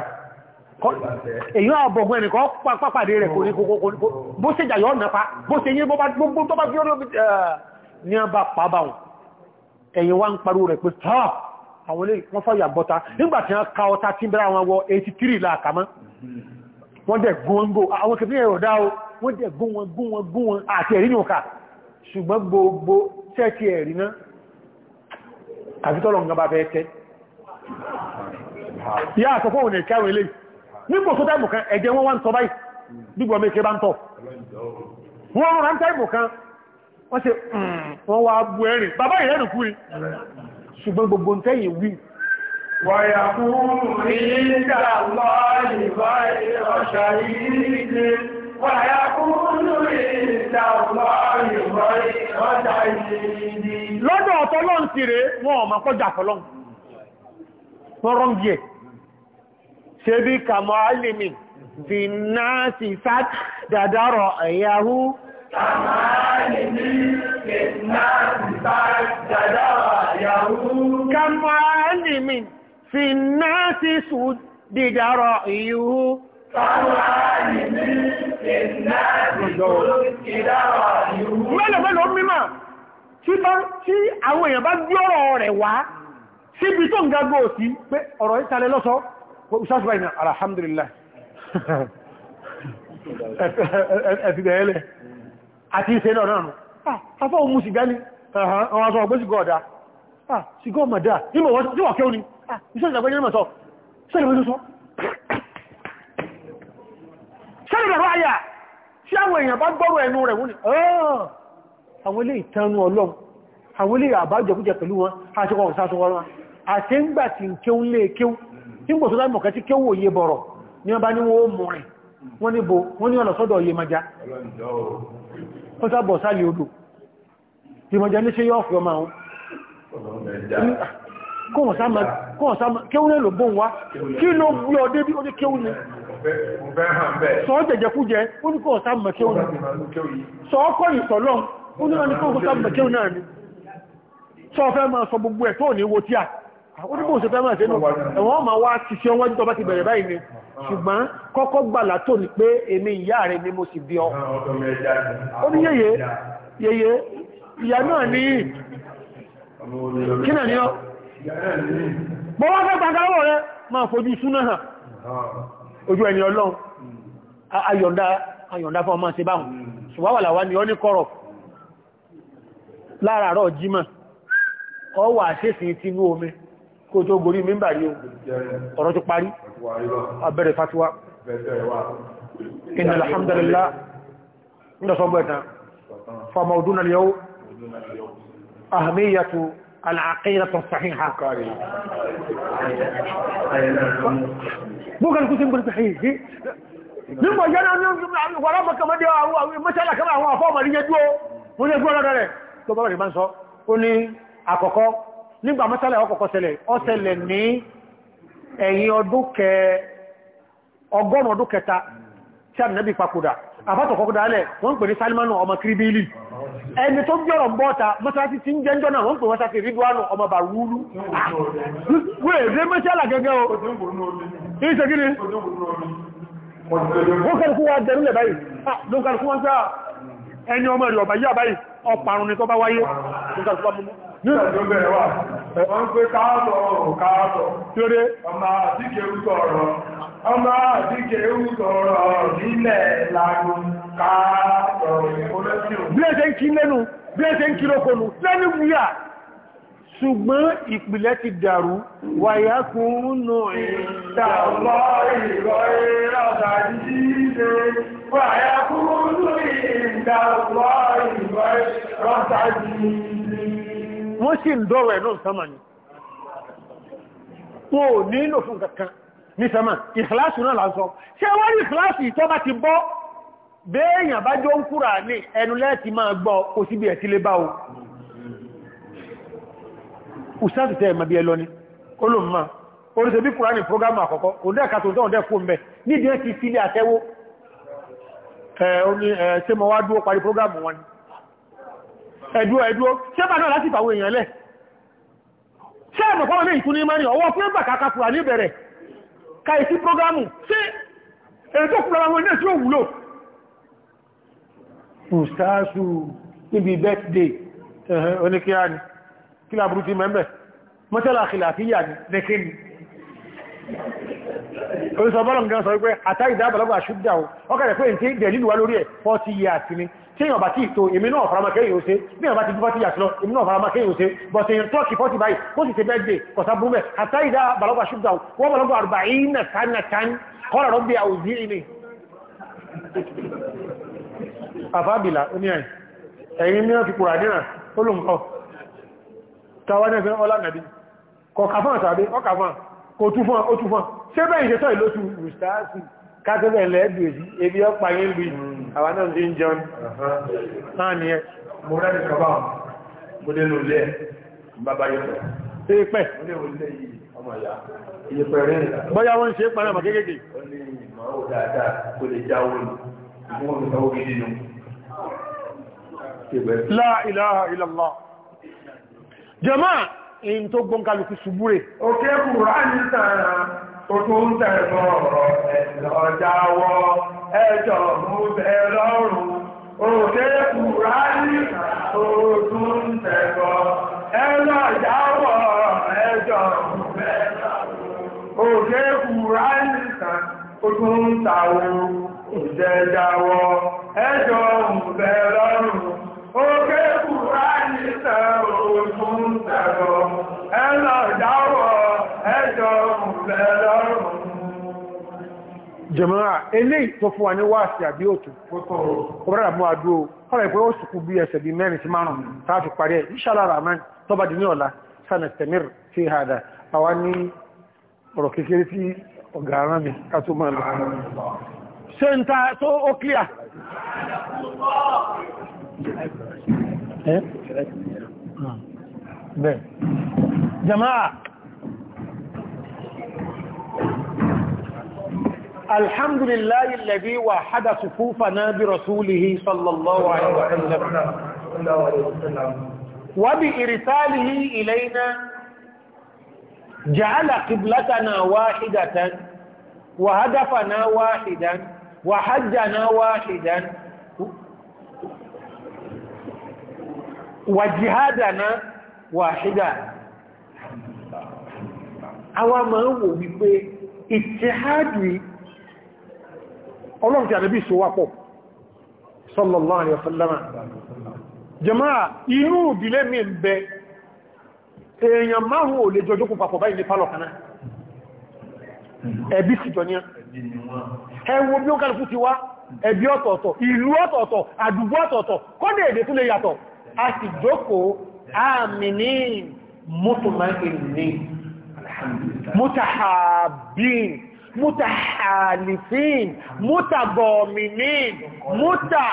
èyí àbọ̀gbọ̀ ẹnì kan pàpàdé rẹ̀ kò ní kòkòkò bó ṣe jà yọ́ mẹ́pa bó ṣe yí gbogbo tó bá fi ọ́nà ní ọba pàbáwọn ẹ̀yìn wá ń parú rẹ̀ pé tọ́ọ̀ àwọn ilé wọ́n fàyà bọ́ta nígbàtí wọ́n ka ọta tí bẹ́ra wọn wọ 83 láàkàmọ́ wọ́n dẹ̀ gún wọn gó àwọn kìfí ẹ̀rọ dá o wọ́n dẹ̀ gún wọn gún wọn gún wọn àti ẹ̀rí ní ọkà ṣùgbọ́n gbogbo sẹ́ẹ̀tì ẹ̀rí náà àfitọ́lọ̀ ń gaba bẹ́ẹ̀ tẹ́ ìyá àsọ̀fọ́ òun ẹ̀kẹ́ àwọn ilé nígbò tó táìmù kan ẹ̀jẹ̀ wọn wá ń sọ báyìí gbígbọ́ mẹ́kẹ́ bá ń tọ̀ wọ́n rán táìmù kan wọ́n ṣe hmm. wọ́n wá bu ẹ̀rìn bàbá ìrẹ́rìn kú ni ṣùgbọ́n gbogbo tẹ́yìn wí ويقول عند الله غير شهيد ويقول عند الله غير شهيد lọ́dọ̀ ọ̀tọ́lọ́n ti rẹ̀ wọn ọmọ kọjá fọ́lọ́n wọ́n bí ẹ̀ ṣe bí kàmọ́ alìmì bí náà ti sáà dàdárọ̀ ẹ̀yàwó kàmọ́ alìmì bí náà ti sáà dàdárọ̀ كم عالم في الناس سد درائه كم عالم في الناس سد درائه mélòó mélòó mímọ̀ tí àwọn èèyàn bá gbé ọ̀rọ̀ rẹ̀ wá síbi tó ń gagbó sí pé ọ̀rọ̀ ìtàlẹ̀ lọ́sọ́ ìsáṣùgbà ìnà alhamdulillah ẹ̀fìdẹ̀ẹ́lẹ̀ àti ìṣẹ́ náà náà ah, afọ́ òun mú sì gá ní ọ̀hán àwọn aṣọ́ ọgbẹ́sìgọ́ ọ̀dá ah sigọ́ mọ̀dá nímọ̀ wọ́n tí wà kẹ́ òní ah iṣẹ́ ìdàgbẹ́ ní mọ̀sọ́ sẹ́lẹ̀ mọ́ sọ́sọ́ sẹ́lẹ̀ bẹ̀rọ ayà tí àwọn èèyàn bá gbọ́rọ̀ ẹnu rẹ̀ wọ́n ni àwọn ilé ìtẹnu ọlọ́run àwọn ilé àbájọkújẹ pẹ̀lú wọn àti wọn sáṣọ wọn àti ń gbà tí kéun lé kéun tí gbòsó láì mọ̀kẹ́ tí kéun òye bọ̀rọ̀ ni wọ́n bá ní wọ́n mú rìn wọ́n níbo wọ́n ní ọ̀nà sọ́dọ̀ òye maja ó sábọ̀ sáàlì odò ìmọ̀já ní ṣe yọ́ ọ̀fẹ́ ọmọ àwọn kéhùn lò bóhùn wá kí ló gbé ọdé bí ó ní kéhùn sọ jẹjẹ kú jẹ ó ní kọ́ sáàmà kéhùn ní sọ ọkọ̀ ìsọ̀lọ́ ó ní wọ́n ní wo tí à ó ní ṣùgbọ́n kọ́kọ́ gbàlá tó ní pé èmi ìyá rẹ̀ ni mo sì bí ọ ó ní yẹ̀yẹ̀ ìyá náà ní kí náà ní ọ́ bọ́ wá fẹ́ pàtàwọ̀ rẹ máa fojú súnà hàn ojú ẹni ọlọ́run ayọ̀ndá ayọ̀ndá fún ṣe báhùn ṣùgbáwàlàwà ni ọ ní kọ́rọ̀ láàárọ̀ ọ wà tí ní omi kó tó gorí mímbà ọ̀rọ̀ tó parí abẹ́rẹ̀ أهمية العقيدة الصحيحة بوكان كنت نقول بحيه nígbà jẹ́ náà ní ọ̀rọ̀ mọ̀kànmọ́dé mọ́sálà kẹwàá àwọn afọ́ ọmọdé yẹ dúó wọ́n ní ẹgbẹ́ ọ̀rọ̀ rẹ̀ tó bọ́rọ̀ ìbá ń sọ ó ní àkọ́kọ́ nígbà mọ́sálà ọkọ̀kọ́ ṣẹlẹ̀ ó ṣẹlẹ̀ ní ẹ̀yìn ọdún kẹ ọgọ́rùn ọdún kẹta tí a nẹ́bí papòdà àfátọ̀kọ́kọ́ dálẹ̀ wọ́n pè ní Salmanu ọmọ Kiribili ẹni tó gbọ́rọ̀ bọ́ta mọ́sálásí tí ń jẹ́jọ́ náà wọ́n pè wọ́n sáfì Ridwanu ọmọ Bàrúlú wèèdè o ah, Nígbàtí ó bẹ̀rẹ̀ wà, ń pé káàtọ̀ ọ̀rọ̀ káàtọ̀, ọmọ àti ọ̀rọ̀. ọmọ àdíjẹ̀ ìwúrọ̀ nílẹ̀ lànà káàkọ̀ bí ẹ̀ṣẹ́ ń kí lẹ́nu bí ẹ̀ṣẹ́ ń kí lókòlù lẹ́nu wúyà ṣùgbọ́n ìpìlẹ̀ ti dàrú wàyá kúrúnù ìtàlọ́ ìrọ̀ ìrọ̀dà jíde wàyá kúrúnù ìtàlọ́ ìrọ̀ ìrọ̀dà jíde wọ́n sì ń dọ́rọ̀ ẹ̀ náà sámà ni wọ́n ò fún kankan ní sẹ́mà ìkìláàsù náà lásọ ṣe wọ́n ní ìkìláàsù ìtọ́bá ti bọ́ béèyàn bá jọ ń kúrà ní ẹnu lẹ́ẹ̀tì máa gbọ́ kò síbi ẹ̀ tí lé bá o ustaz tẹ́ ẹ̀mà bí ẹ lọ ní olùmọ̀ oríṣẹ́ bí kúrà ní prógámù àkọ́kọ́ òdẹ́ẹ̀ká tó tọ́ òdẹ́ẹ̀kú mẹ́ nídìí ẹ̀ ti fílé àtẹ́wó ṣe mọ̀ wá dúó parí prógámù wọn ẹ̀dúó ẹ̀dúó ṣé bá náà láti fàwọn èèyàn lẹ̀ ṣé ẹ̀mọ̀ pọ́wọ́ ní ìtúní mẹ́rin ọwọ́ fún ẹ̀bà kákàkùrà ní ìbẹ̀rẹ̀ kàìsí prógámù sí èyí tó kúrò àwọn ilé tí ó wúlò ìsáàsù níbi birthday oníkíyà ni kí láburú ti mẹ́mẹ́ mọ́tẹ́lá àkìlàfíyà ni nìkíni orísọ bọ́lọ̀ nǹkan sọ wípé àtàrí ìdábàlọ́gbà ṣúgbà ọkàrẹ̀ pé ìtí ìdẹ̀ nílùú wá lórí ẹ̀ 40 years ni tíyàn bá tí ìtò èmi náà farama kẹ́yìn ó ṣe bí ọba ti dúbá tí yàtọ̀ èmi náà farama kẹ́yìn ó ṣe but èyàn tọ́kì fọ́tí báyìí ó sì ṣe bẹ́ẹ̀ gbé kọ̀sá búrúmẹ̀ àtà ìdá balọ́gbà ṣùgbọ́n wọ́n balọ́gbà àrùbà ìnà tánàtán kọ́lá rọ́bì àwùjí ìní àfábìlà oníyàn ẹ̀yìn mìíràn ti kùrà nínà olùmkọ́ tàwọn ẹgbẹ́ ọlá nàbí kọ̀kàfán tàbí ọkàfán kò túnfán ó túnfán ṣé bẹ́ẹ̀ ìṣẹ́tọ́ ìlótú rùstáàsì kágẹ́gẹ́ lẹ́ẹ̀dù èbí ọpa yẹn lù ìlú àwa náà ti ń jẹun náà ni ẹ. mo rẹ́ nìkan bá wọn mo dé lóòlẹ́ ẹ̀ bàbá yóò tẹ̀. ṣé pẹ́. mo dé lóòlẹ́ yìí ọmọ ìyá iye pẹ̀rẹ́ ìlà. bọ́yá wọ́n ń ṣe pẹ̀rẹ́ ọmọ kéékèèké. ó ní ìmọ̀ ó dáadáa kó lè já owó nù ìfún omi sanwó gidi nù. la ilaha illallah. jama in tó gbọ́n kálukú ṣubúre. òkè kùrọ̀ á ní tàn án tó tó ń tẹ̀ ẹjọ́ mú bẹ lọ́rùn òde kùrá ní òògùn tẹ̀gọ́ ẹlọ́ ìyáwọ̀ ẹjọ́ mú bẹ lọ́rùn òde kùrá ní òògùn tàwọ̀ òjẹjáwọ̀ ẹjọ́ mú bẹ lọ́rùn òde ní òògùn tẹ̀gọ́ ẹlọ́ ìyáwọ̀ ẹjọ́ mú bẹ jẹ̀mọ́ra eléyìí tó fún wa ní wáàsí àbí òtù ọ̀rẹ́dà mú àdúró kọ́lá ìpẹ́ ó sùkú bí ẹsẹ̀ bí mẹ́rin sí márùn-ún tààfi parí inshallah rahman tó bá di ní ọ̀la hada awa ni ọ̀rọ̀ kékeré tí ọ̀gá ara mi ká tó máa lọ ṣe الحمد لله الذي وحد صفوفنا برسوله صلى الله عليه وسلم وبإرساله إلينا جعل قبلتنا واحدة وهدفنا واحدا وحجنا واحدا وجهادنا واحدا أو ما هو wò ọlọ́run ti àdẹ́bí ìṣòwà pọ̀ sallallahu alaihi wasallama jama'a irú ìdílé mi ń bẹ èèyàn márùn ò lè jọjọ́ kún papọ̀ báyìí ní pálọ̀ kaná ẹbí sì jọ ní ẹwọ bí ó kálùkù ti wá ẹbí mutahalifin mutabomimin muta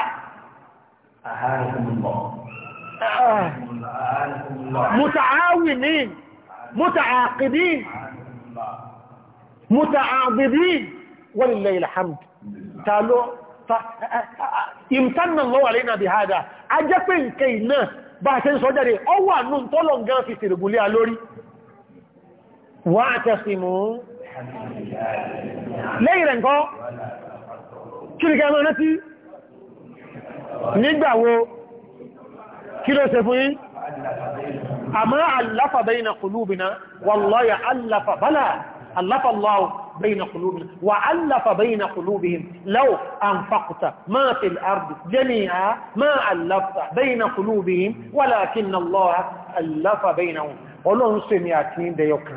mutaawinin mutaaqidin mutaabidin walillahi alhamd talo imtanna Allah alayna bihada ajape nke ina bá ṣe ń sọ jáde ọwà nù tọ́lọ̀ gan fi fèrègùn lé a lórí wà á lẹ́yìn rẹ̀ nǹkan kí ní kẹ́mọ́ rántí nígbàwo kí ló ṣe fún yí àmọ́ allafa bayna qulubina wallahi allafa bala allafa allahu بين قلوبنا وألف بين قلوبهم لو أنفقت ما في الأرض جميعا ما ألفت بين قلوبهم ولكن الله ألف بينهم ولن سمعتين ديوكا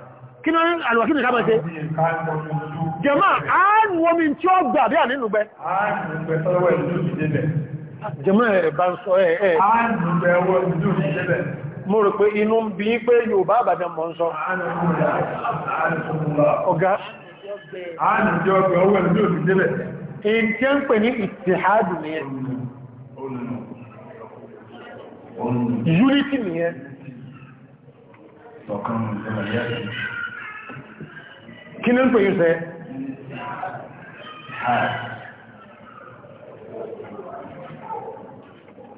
kí ní àlùwàkí ní kábẹ̀ẹ́ jẹma àánú omi tí ó gbà bí ànínú gbẹ jẹma ẹ̀bá ń sọ ẹ̀ẹ́ mo rò pé inú ń bí pé Yorùbá àbàdàn mọ́ ń sọ ọ̀gá àánú jẹ́ ọgbẹ̀ ọwọ́ ìlú òsì débẹ̀ èyí tí ó ń pè ní ìtìhádù nìyẹn unity kí ní ń pè yí sẹ́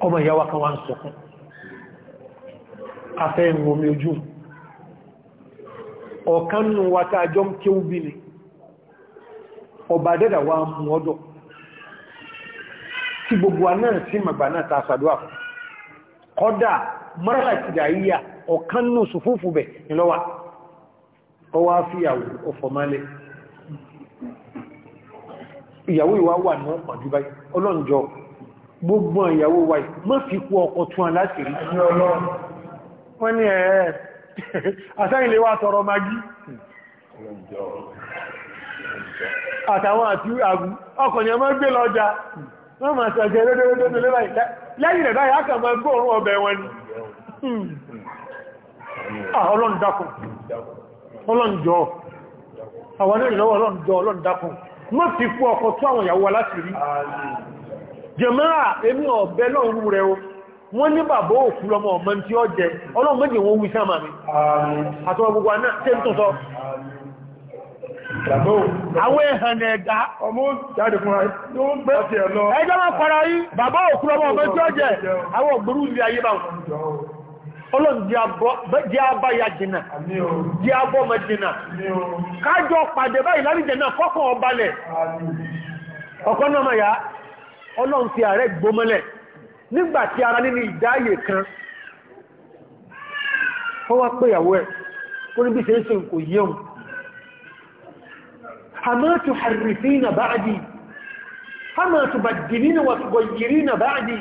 ọmọ ìyáwá kan wá ń sọkún afẹ́ ìwò omi ojú ọ̀kan nù wata àjọ ń kí bí ni ọba dẹ́dà wá mú ọdọ̀ tí gbogbo náà sí màgbà náà ta sàdúwà kọ́dà mọ́rànlá ìtìdà yíya ọ̀kan nù sùfúfù bẹ̀ nílọ́wà ọwọ́ afíyàwó ọfọ̀málẹ̀ ìyàwó ìwà wà ní ọ̀pàá jù báyìí ọlọ́njọ́ gbogbo ìyàwó wà má fi kú ọkọ̀ tún aláti rí wọ́n ní ẹ̀ẹ́ àtàrílẹ̀ wà tọrọ magí àtàwọn àti àgú ọkọ̀ ni a máa gbé lọ́jà wọ́n máa sàjẹ́ lẹ́yìn rẹ̀ báyìí ọlọ́njọ́ àwọn náà ìlọ́wọ́ ọlọ́njọ́ ọlọ́ndakùn mọ́ fi kú ọkọ̀ tó àwọn ìyàwó aláti rí jẹmọ́ra èmi ọ̀bẹ́ lọ́rú rẹ o wọ́n ní bàbá òkú lọmọ ọmọ tí ó jẹ ọlọ́run méjì wọn wí sáàmà mi àtọwọ́ gbogbo aná tẹ́ ń tó sọ àwọn ẹ̀hàn ẹ̀dá ọmọ jáde fún ẹjọ́ ọlọ́run jẹ́ abáyà jìnà jẹ́ abọ́mọ jìnà kájọ pàdé báyìí láríjẹ̀ náà kọ́kàn ọbalẹ̀ ọ̀kan náà ya ọlọ́run fi ààrẹ gbómọ́lẹ̀ nígbàtí ara nínú ìdáyè kan ó wá pé ìyàwó ẹ̀ kó níbi ṣe é ṣe kò yéun àmọ́ tó hàrìfín na wàtùgbọ̀ yìí na báàdì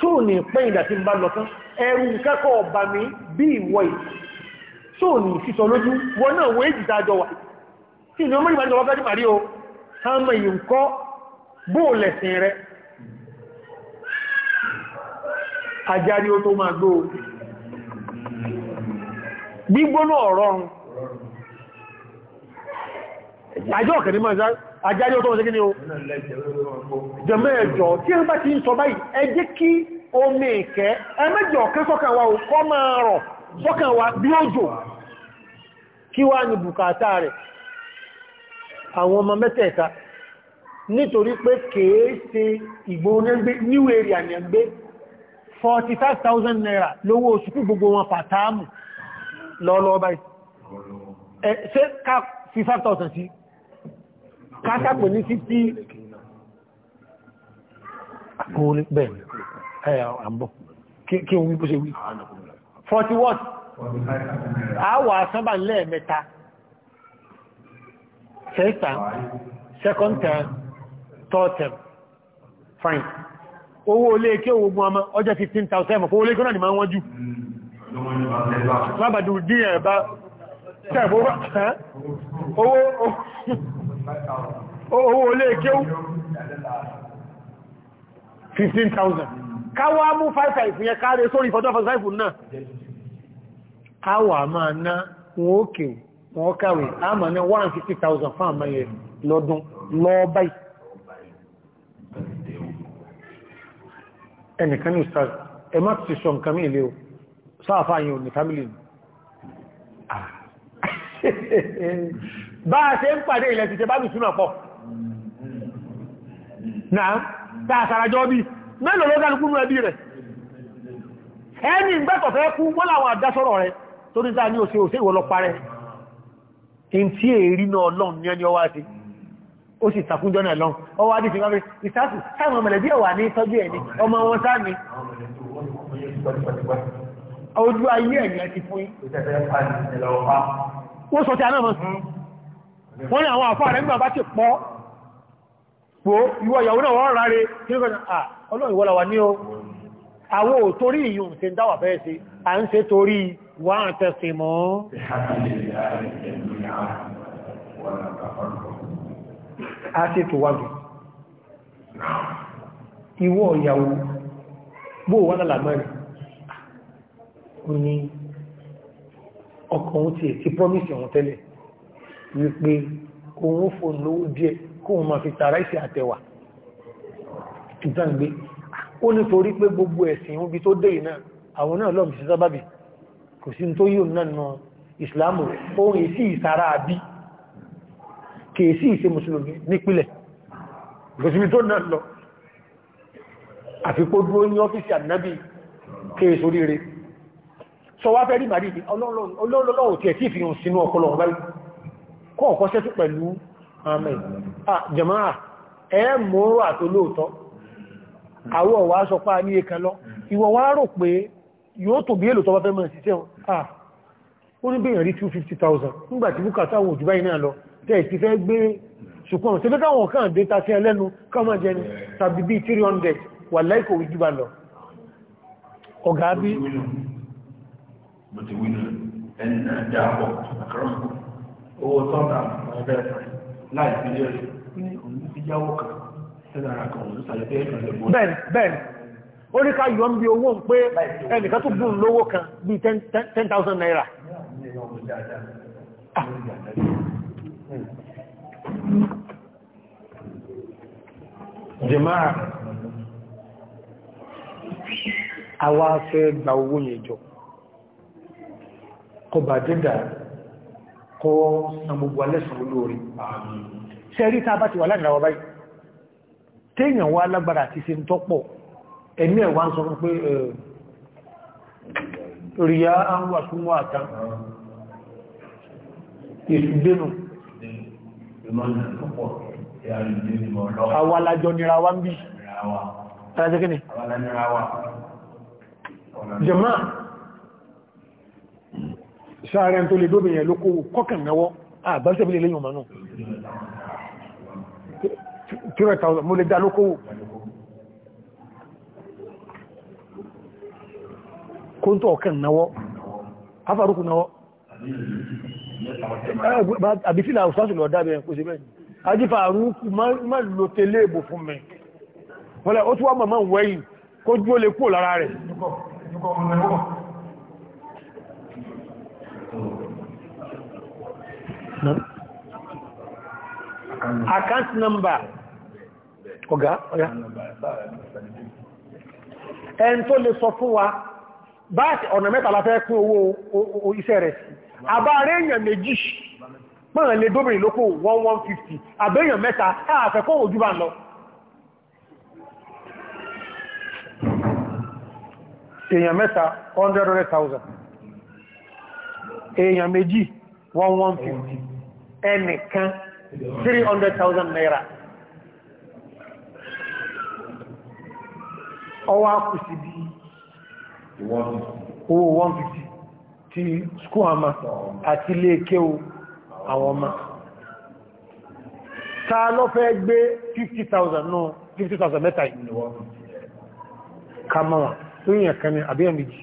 tó ní pẹ́yìndà tí ń bá lọ ẹrù ọba mi bí ìwọ̀ ì tó ní sísọ lójú wọ́n náà wà tí ni ọmọ ìbájọ wọ́n gbájúmà o hàmà yìí ń kọ́ bóòlẹ̀sìn rẹ̀ ajárí ó tó máa gbó gbígbóná ọ̀rọ̀run àjájọ́ tó wọ́n sí kí ni o jẹmọ́ ẹ̀jọ́ tí ẹ bá ti ń sọ báyìí ẹ jẹ́ kí omi ìkẹ́ ẹ mẹ́jọ ọ̀kẹ́ sọ́kàn wa ò kọ́ máa rọ̀ sọ́kàn wa bí òjò kí wá ní bùkátà rẹ̀ àwọn ọmọ mẹ́tẹ̀ẹ̀ta nítorí pé kèé ṣe naira lówó oṣù fún gbogbo wọn pàtàmù lọ́lọ́ báyìí ṣe ká 5,000 sí kásàpò ní fífí àkórí bẹ́ẹ̀ ẹ̀yà àmbọ̀ kí òun wípé ṣe wí 40 watt àwọ̀ àsánbà lẹ́ẹ̀mẹ́ta first time second time third time fine owó olé kí owó ogun ọmọ ọjọ́ 15,000 mọ̀ owó olé kí náà ni máa wọ́n jù owó olé kéwú 15,000 káwàá mú 5,000 yẹn káre sórí ìfọ́jọ́ 45 náà káwàá máa ná wọn òkè wọn káwẹ̀ a máa ná 150,000 fún àmáyẹ lọ́dún lọ́ọ́báì ẹnìkan ní ustaz ẹ má ti sọ nǹkan mí o sáàfáà yìí ò ní fámílì bá a ṣe ń pàdé ilẹ̀ ti ṣe bá lùsúnà pọ̀ náà tààsàràjọ́ bí mẹ́lò ló gánukú ní ẹbí rẹ̀ ẹni ìgbẹ́kọ̀fẹ́ kú wọ́n láwọn àdásọ́rọ̀ rẹ̀ tó ní sáà ní òṣè òṣè ìwọ̀lọ parẹ́ in tí a náà lọ́n ní ẹni ọwá sí ó sì takúnjọ́ náà lọ́n ọwá dì fífáfẹ́ ìsáàkù sáàmù ọmọlẹ̀ bí ẹ̀wà ní tọ́jú ẹni ọmọ wọn sáà ní ojú ayé ẹ̀yẹ ti fún yí wọ́n ní àwọn àfáà rẹ̀ nígbà bá ti pọ̀ pò ìwọ ìyàwó náà wọ́n ráre kí ní kọjá à ọlọ́run ìwọ́la wà ní o àwọn ò torí ìyùn ṣe ń dáwà fẹ́ sí à ń ṣe torí wà ń tẹ̀sì mọ́ a sì tó wájú ìwọ ìyàwó bó wọ́n lálàmọ́rin ó ní ọkọ̀ ohun ti promise ọ̀hún tẹ́lẹ̀ wípé kò ń fò lówó díẹ̀ kò ń ma fi tààrà ìsì àtẹwà ìtàǹgbé ó nítorí pé gbogbo ẹ̀sìn ibi tó dé ìná àwọn náà lọ́mù sí sábàbì kò sí tó yíò náà nà ìsìláàmù ohun èsì ìsara àbí kèé sí ìṣe mùsùlùmí nípìlẹ̀ gòsìmí tó náà lọ àfikó dúró ní ọ́fíìsì ànábì kèé sóríire sọ wá fẹ́ rí màrí ọlọ́run tí ẹ̀ tí ìfihàn sínú ọpọlọ ọ̀báyìí kọ́ọ̀kọ́ sẹ́tù pẹ̀lú amen ah, jama'a ẹ mọ́rọ̀ àtolóòtọ́ àwọ̀ wá sọ pá ní ẹkan lọ ìwọ̀ wá rò pé yóò tó bí èlò tọba fẹ́ mọ̀ síṣẹ́ wọn ah ó ní bèèyàn rí 250,000 nígbàtí búkàtà àwọn òjúbá iná lọ tẹ́ ti fẹ́ gbé ṣùgbọ́n tí fẹ́ká wọn kàn dẹ́ta sí ẹlẹ́nu kọmọ jẹni tàbí bí 300 wà láìkò òjúbá lọ ọ̀gá bí ẹni náà dáàbọ̀ àkàrà owó tọ́ta ẹgbẹ́ láì fi yẹ ní òun ti yáwó kan sẹ́dára kan òun sàlẹ̀ pé ẹ̀kan bẹ́ẹ̀ni ó ní ká yọ ń bí owó ń pé ẹnìkan tó bùn lówó kan naira. gba owó yẹn jọ kó san gbogbo alẹ́sàn olóorí ṣẹ́rí tá bá ti wà láàrin àwọn báyìí téèyàn wá lágbára àti ṣe ń tọ́pọ̀ ẹ̀mí ẹ̀wà ń sọ fún pé ríyá ń wà súnmọ́ àtà ìṣùgbénù àwàlájọ nira wá ń bí jẹ́mọ́ sáàrẹ́ tó lè dóbi yẹn ló kó kọ́kàn náwọ́ àgbáṣẹ́ ilé lẹ́yìn ọmọnú 3,000 mo lè dá lókòwò kóntọ̀ ọ̀kàn náwọ́ afárúkù náwọ́ àbífílà òsásùlù ọ̀dá bẹ̀rẹ̀ kò sí bẹ́ẹ̀ ajífà àrúnkù má lò tẹ́lé ìbò fún mẹ́ wọ́n lẹ́ ó tún màmá wẹ́yìn kó jú ó lè kó lára rẹ̀ náà account number ọ̀gá ọ̀gá ẹn tó lè sọ fún wa bá ọ̀nà mẹ́ta la fẹ́ kún owó iṣẹ́ rẹ̀ sí àbáàrẹ́ èèyàn méjì mọ́ràn lè dóbìnrin lókò 1150 àbẹ́yàn mẹ́ta káàfẹ́ kó ojú bá lọ èèyàn mẹ́ta 100,000 èèyàn méjì 1150 ẹnìkan three hundred thousand naira ọwọ́ akùsì bí owó one fifty ti school àmà àti ilé kéwú àwọn ọmọ ta lọ fẹ́ gbé 50,000 náà 50,000 mẹ́ta ìlúwọ́ ká mọ́ wọn tó yìnyàn kan ní àbíyàn méjì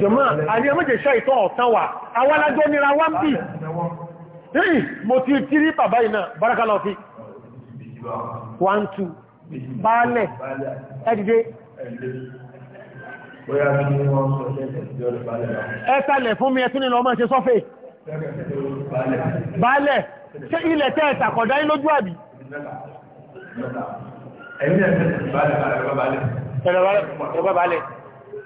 jọmọ́ àní ẹmọ́jẹ̀ ṣe ìtọ́ ọ̀tán wà awálájọ́ nira wá ń bí rí mo ti tírí bàbá iná bárakálọ̀ fi 1-2 báálẹ̀ ẹ̀dìdé ẹ̀tàlẹ̀ fún mi ẹ̀tún nílọ ọmọ ṣe sọ́fẹ́ báálẹ̀ ṣe ilẹ̀ tẹ́ ẹ̀tàkọ̀dá ilójú àbí ẹ̀rọ báálẹ̀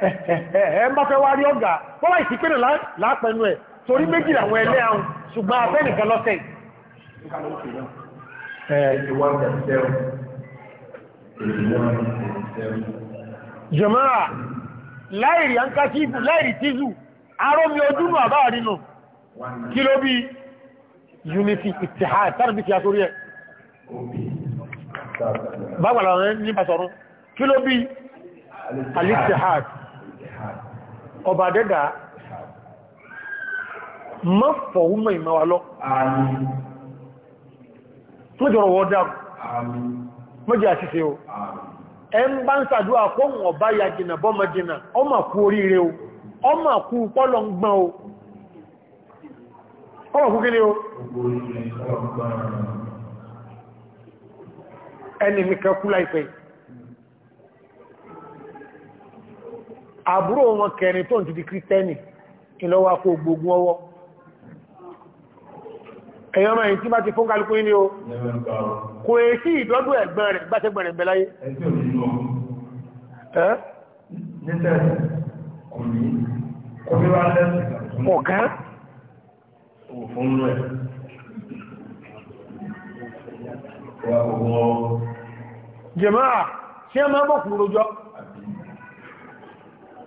ẹ ń bá fẹ́ wá rí ọ̀gá wọ́n láì sí pé náà láàpẹnu ẹ̀ torí méjì àwọn ẹlẹ́ àwọn ṣùgbọ́n afẹ́ nìkan lọ́sẹ̀ jọmọ́ra láìrí àǹkàṣí ìbù láìrí tízù arómi ojúmù àbá rínú kí ló bí unity ìtìhà tàbí ti àtórí ẹ̀ bágbàlá rẹ̀ ní pàtàrún kí ló bí ọba dẹ́dà ma fọ̀wọ́ mọ̀ ìmọ̀ wa lọ mọ́jọ̀rọ̀ wọ́n dáa mọ́jọ̀ o ẹ ń bá ń sàdúwà ọba ya jìnà bọ́mọ jìnà ma kú oríire o ọmọ kú pọ́lọ gbọ́n o ọmọ kú o àbúrò wọn kẹrin tó ń ti di kírísítẹ́nì ìlọ́wà kó gbogbo ọwọ́ ẹ̀yọ́ mẹ́rin tí bá ti fún kálukú ní o kò è e sí ìdọ́dún ẹ̀gbọ́n rẹ̀ gbáṣẹ́gbọ̀n rẹ̀ bẹ̀láyé jẹ́mọ́ ṣe máa mọ̀ kúrò jọ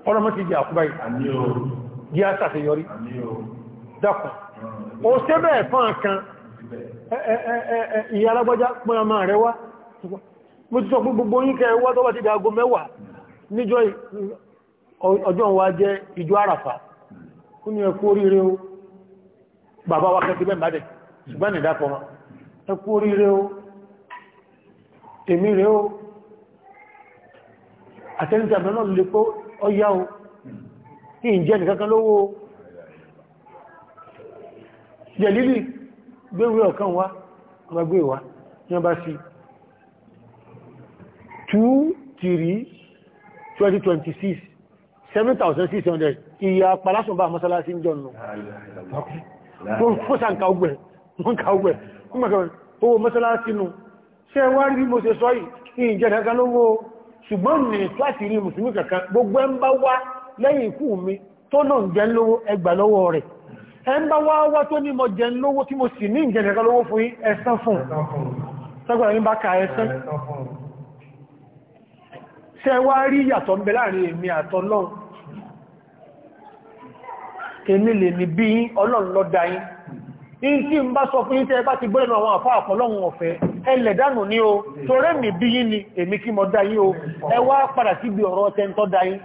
ọlọ́mọ́ ti jẹ́ àkúbá ìdí àṣàṣeyọrí dákùn o ṣe bẹ́ẹ̀ fán kan ìyá alágbájá pọ́nàmà rẹ wá mo ti sọ gbogbo yínkẹ wá tó bá ti dàgó mẹ́wàá níjọ́ ọjọ́ wa jẹ́ ìjọ àràfà ní wa ọya o kí n jẹ́ nìkankan lówó jẹ̀lílì gbéwé ọ̀kan wá ọmọ gbé wá ní ọba sí 2 3 2026 7,600 ìyà palásùn bá mọ́sálásí ń jọ nù fún ká ọgbẹ̀ wọ́n ká ọgbẹ̀ owó mọ́sálásí nù ṣe wá rí mo ṣe sọ́yì ìjẹ́ nìkankan lówó ṣùgbọ́n ní láti rí mùsùlùmí kankan gbogbo ẹ ń wá lẹ́yìn ikú mi tó náà ń jẹ lówó ẹgbà lọ́wọ́ rẹ̀ ẹ wá wá tó ní mo jẹ lówó tí mo sì ní ìjẹ̀kẹ́kẹ́ lówó fún ẹ̀san fún sọ fún bá ti àfáà ẹlẹ̀dánù ní o torẹ́ mi bí yí ni èmi kí mọ dáyí o ẹ wá padà sí bí ọ̀rọ̀ ọ̀tẹ́ ń tọ́ dáyí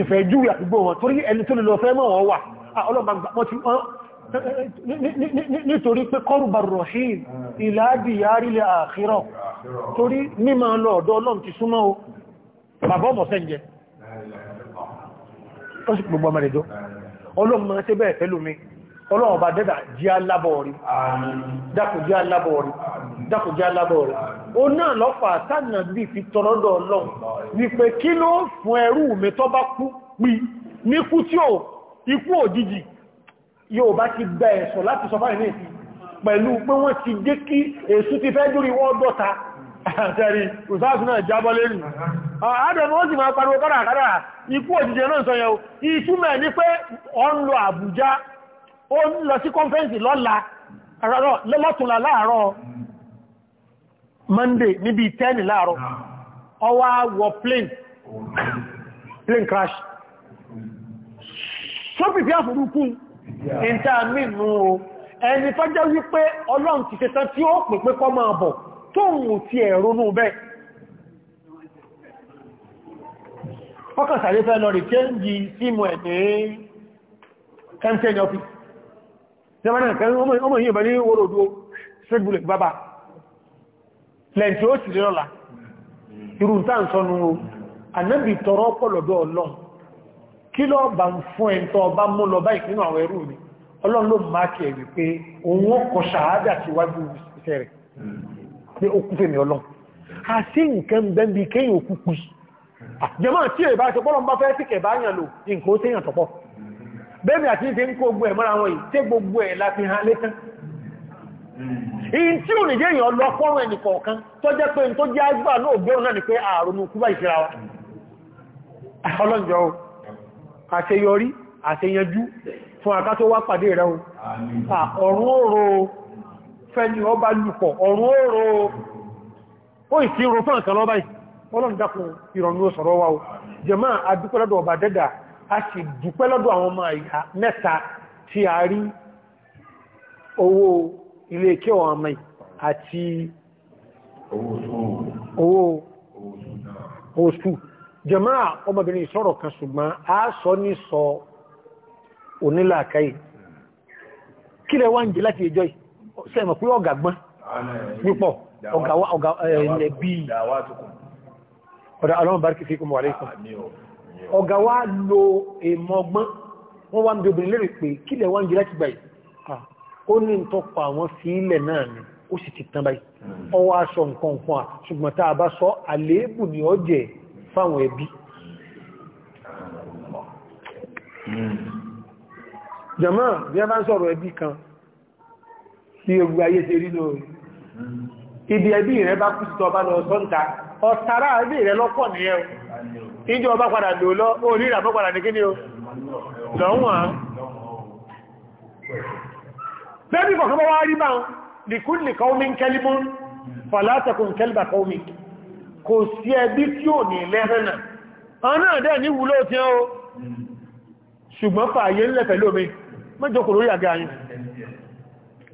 ìfẹ́ jú àdúgbò wọn torí ẹni tó lè lọ fẹ́ mọ́ wọn wà nítorí pé kọrùbà rọ̀ṣí ìlàádì yàrí lè àkírọ̀ torí mímọ̀ lọ́ọ̀dọ́ ọlọ́m ti súnmọ́ o bàbá ọmọ sẹ́ǹjẹ́ tó sì gbogbo ọmọ rẹ̀ jọ ọlọ́mọ tí bẹ́ẹ̀ pẹ̀lú mi ọlọ́wọ̀n bá dẹ́dà jí alábọ̀ọ̀rí dákò jí alábọ̀ọ̀rí dákò jí alábọ̀ọ̀rí ó náà lọ́fà tánà bí fi tọrọdọ̀ ọlọ́run wípé kí ló fún ẹrú mi tọ́ bá kú pí ní kú tí ó ikú òjijì yóò bá ti gbẹ̀ ẹ̀sọ̀ láti sọ fáìní pẹ̀lú pé wọ́n ti dé kí èsù ti fẹ́ dúrí wọ́n dọ́ta tẹ́rí ìsáàsù náà jábọ́ lérí ah, adẹ̀mọ́ ó sì máa pariwo kọ́dàkádà ikú òjìjẹ náà sọyẹ̀ o ìtumẹ̀ ní pé ọ ń lọ Àbújá ó ń lọ sí kọ́nfẹ́ǹsì lọ́la lọ́tùnlá láàárọ̀ Monday níbi 10 láàárọ̀ ó wá wọ plane plane crash so pìpì àfúrúkú ìntàmínú ẹni tó jẹ́ wípé Ọlọ́run ti ṣetán tí ó pèpé kọ́ máa bọ̀ tóhun ò ti ẹ̀rọnú bẹ́ ọkàn sàrí fẹ́ lọ rí kéńjì símù ẹ̀ ní kẹ́mkẹ́ni ọ́fí ọmọ yìí bẹ̀ ní wọ́rọ̀dó ṣẹ́gbùlẹ̀ bàbá lẹ́ntí ó sì rí lọ́la irú tàà ń sọnù ànábì tọrọ pọ̀lọ̀dọ̀ ọlọ́n kí lọ bá ń fún ẹ̀ tọ́ bá mú lọ báyìí nínú àwọn ẹrú mi ọlọ́n ló máa kí ẹ̀ wípé òun ó kọ ṣàádà síwájú iṣẹ́ rẹ̀ pé ó kú fèmí ọlọ́ àti nǹkan bẹ́m̀bí kéyìn òkú pì ah, jẹmọ́ tí èyí bá ṣe pọ́lọ̀ ń bá fẹ́ sí kẹ̀ bá yàn lò nǹkan ó tẹ́yàn tọ́pọ̀ bẹ́ẹ̀mì àti ìṣe ń kó gbogbo ẹ̀ mọ́ra wọn yìí tí gbogbo ẹ̀ láti hàn létán ìyìn tí ò ní jẹ́ èèyàn lọ fọ́rùn kọ̀ọ̀kan tó jẹ́ pé tó jẹ́ àgbà náà gbé náà ni pé ààrùn ikú bá ìṣẹ́ra wa ah, ọlọ́njọ́ o àṣeyọrí àṣeyanjú fún akátó pàdé rẹ o ah, ọ̀run ó fẹ́ni ọba lùpọ̀ ọ̀rún oòrò ó ìsí irun fún àkànlọ́ báyìí ọlọ́run dákun ìrọ̀nù sọ̀rọ̀ wa o jẹ́mà àdúpẹ́ lọ́dọ̀ ọba dẹ́dà a sì dúpẹ́ lọ́dọ̀ àwọn ọmọ ìyá mẹ́ta tí a rí owó ilé kí ọ̀wọ̀n àmì àti owó oṣù a sọ ní sọ kí lẹ wá ń jẹ láti yìí sẹ́mọ̀ pé ọ̀gá gbọ́n púpọ̀ ọ̀gá ẹ̀ bí ọ̀dá ọlọ́run bárkì fi kúmọ̀ aléìkùn ọ̀gá wá lo èmọ̀ ọgbọ́n wọ́n wá ń bí obìnrin lérè pé kílẹ̀ wá ń jẹ láti gbàyì ah, ó ní tọ́pọ̀ àwọn sí ilẹ̀ hmm. hmm. bí a bá ń sọ̀rọ̀ ẹbí kan tí ogun ayé ṣe rí lóòrùn ibi ẹbí rẹ bá kú títọ́ bá lọ sọ́ǹta ọ̀tàrà ẹbí rẹ lọ́pọ̀ ní ẹ̀ ìjọ ọba padà lò lọ orí ìràbọ́ padà ní kíní o lọ́wọ́n bẹ́bí kọ̀kọ́ bá wá rí bá lìkúnlì kọ́mí kẹlìmún fàlátẹkùn kẹlìbà yìí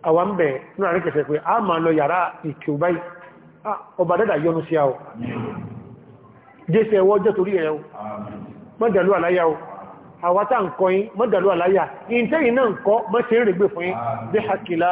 àwọn ń bẹ̀ ní àrí kẹsẹ̀ pé a máa lọ yàrá ìkẹ̀ òbáyì ah, ọba dẹ́dà yọnu sí àwọ̀ jẹ́sẹ̀ ẹwọ́ jẹ́ torí ẹ̀ mọ́dàlú àláyà o àwátà ǹkọ́ yín mọ́dàlú àláyà ìntẹ́yìn náà ǹkọ́ mọ́sẹ̀ rẹ̀ gbé fún yín bí hakila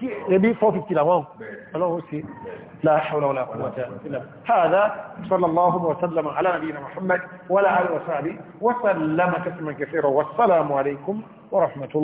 هذا صلى الله وسلم على نبينا محمد وعلى آله وصحبه وسلم تسلما كثيرا والسلام عليكم ورحمة الله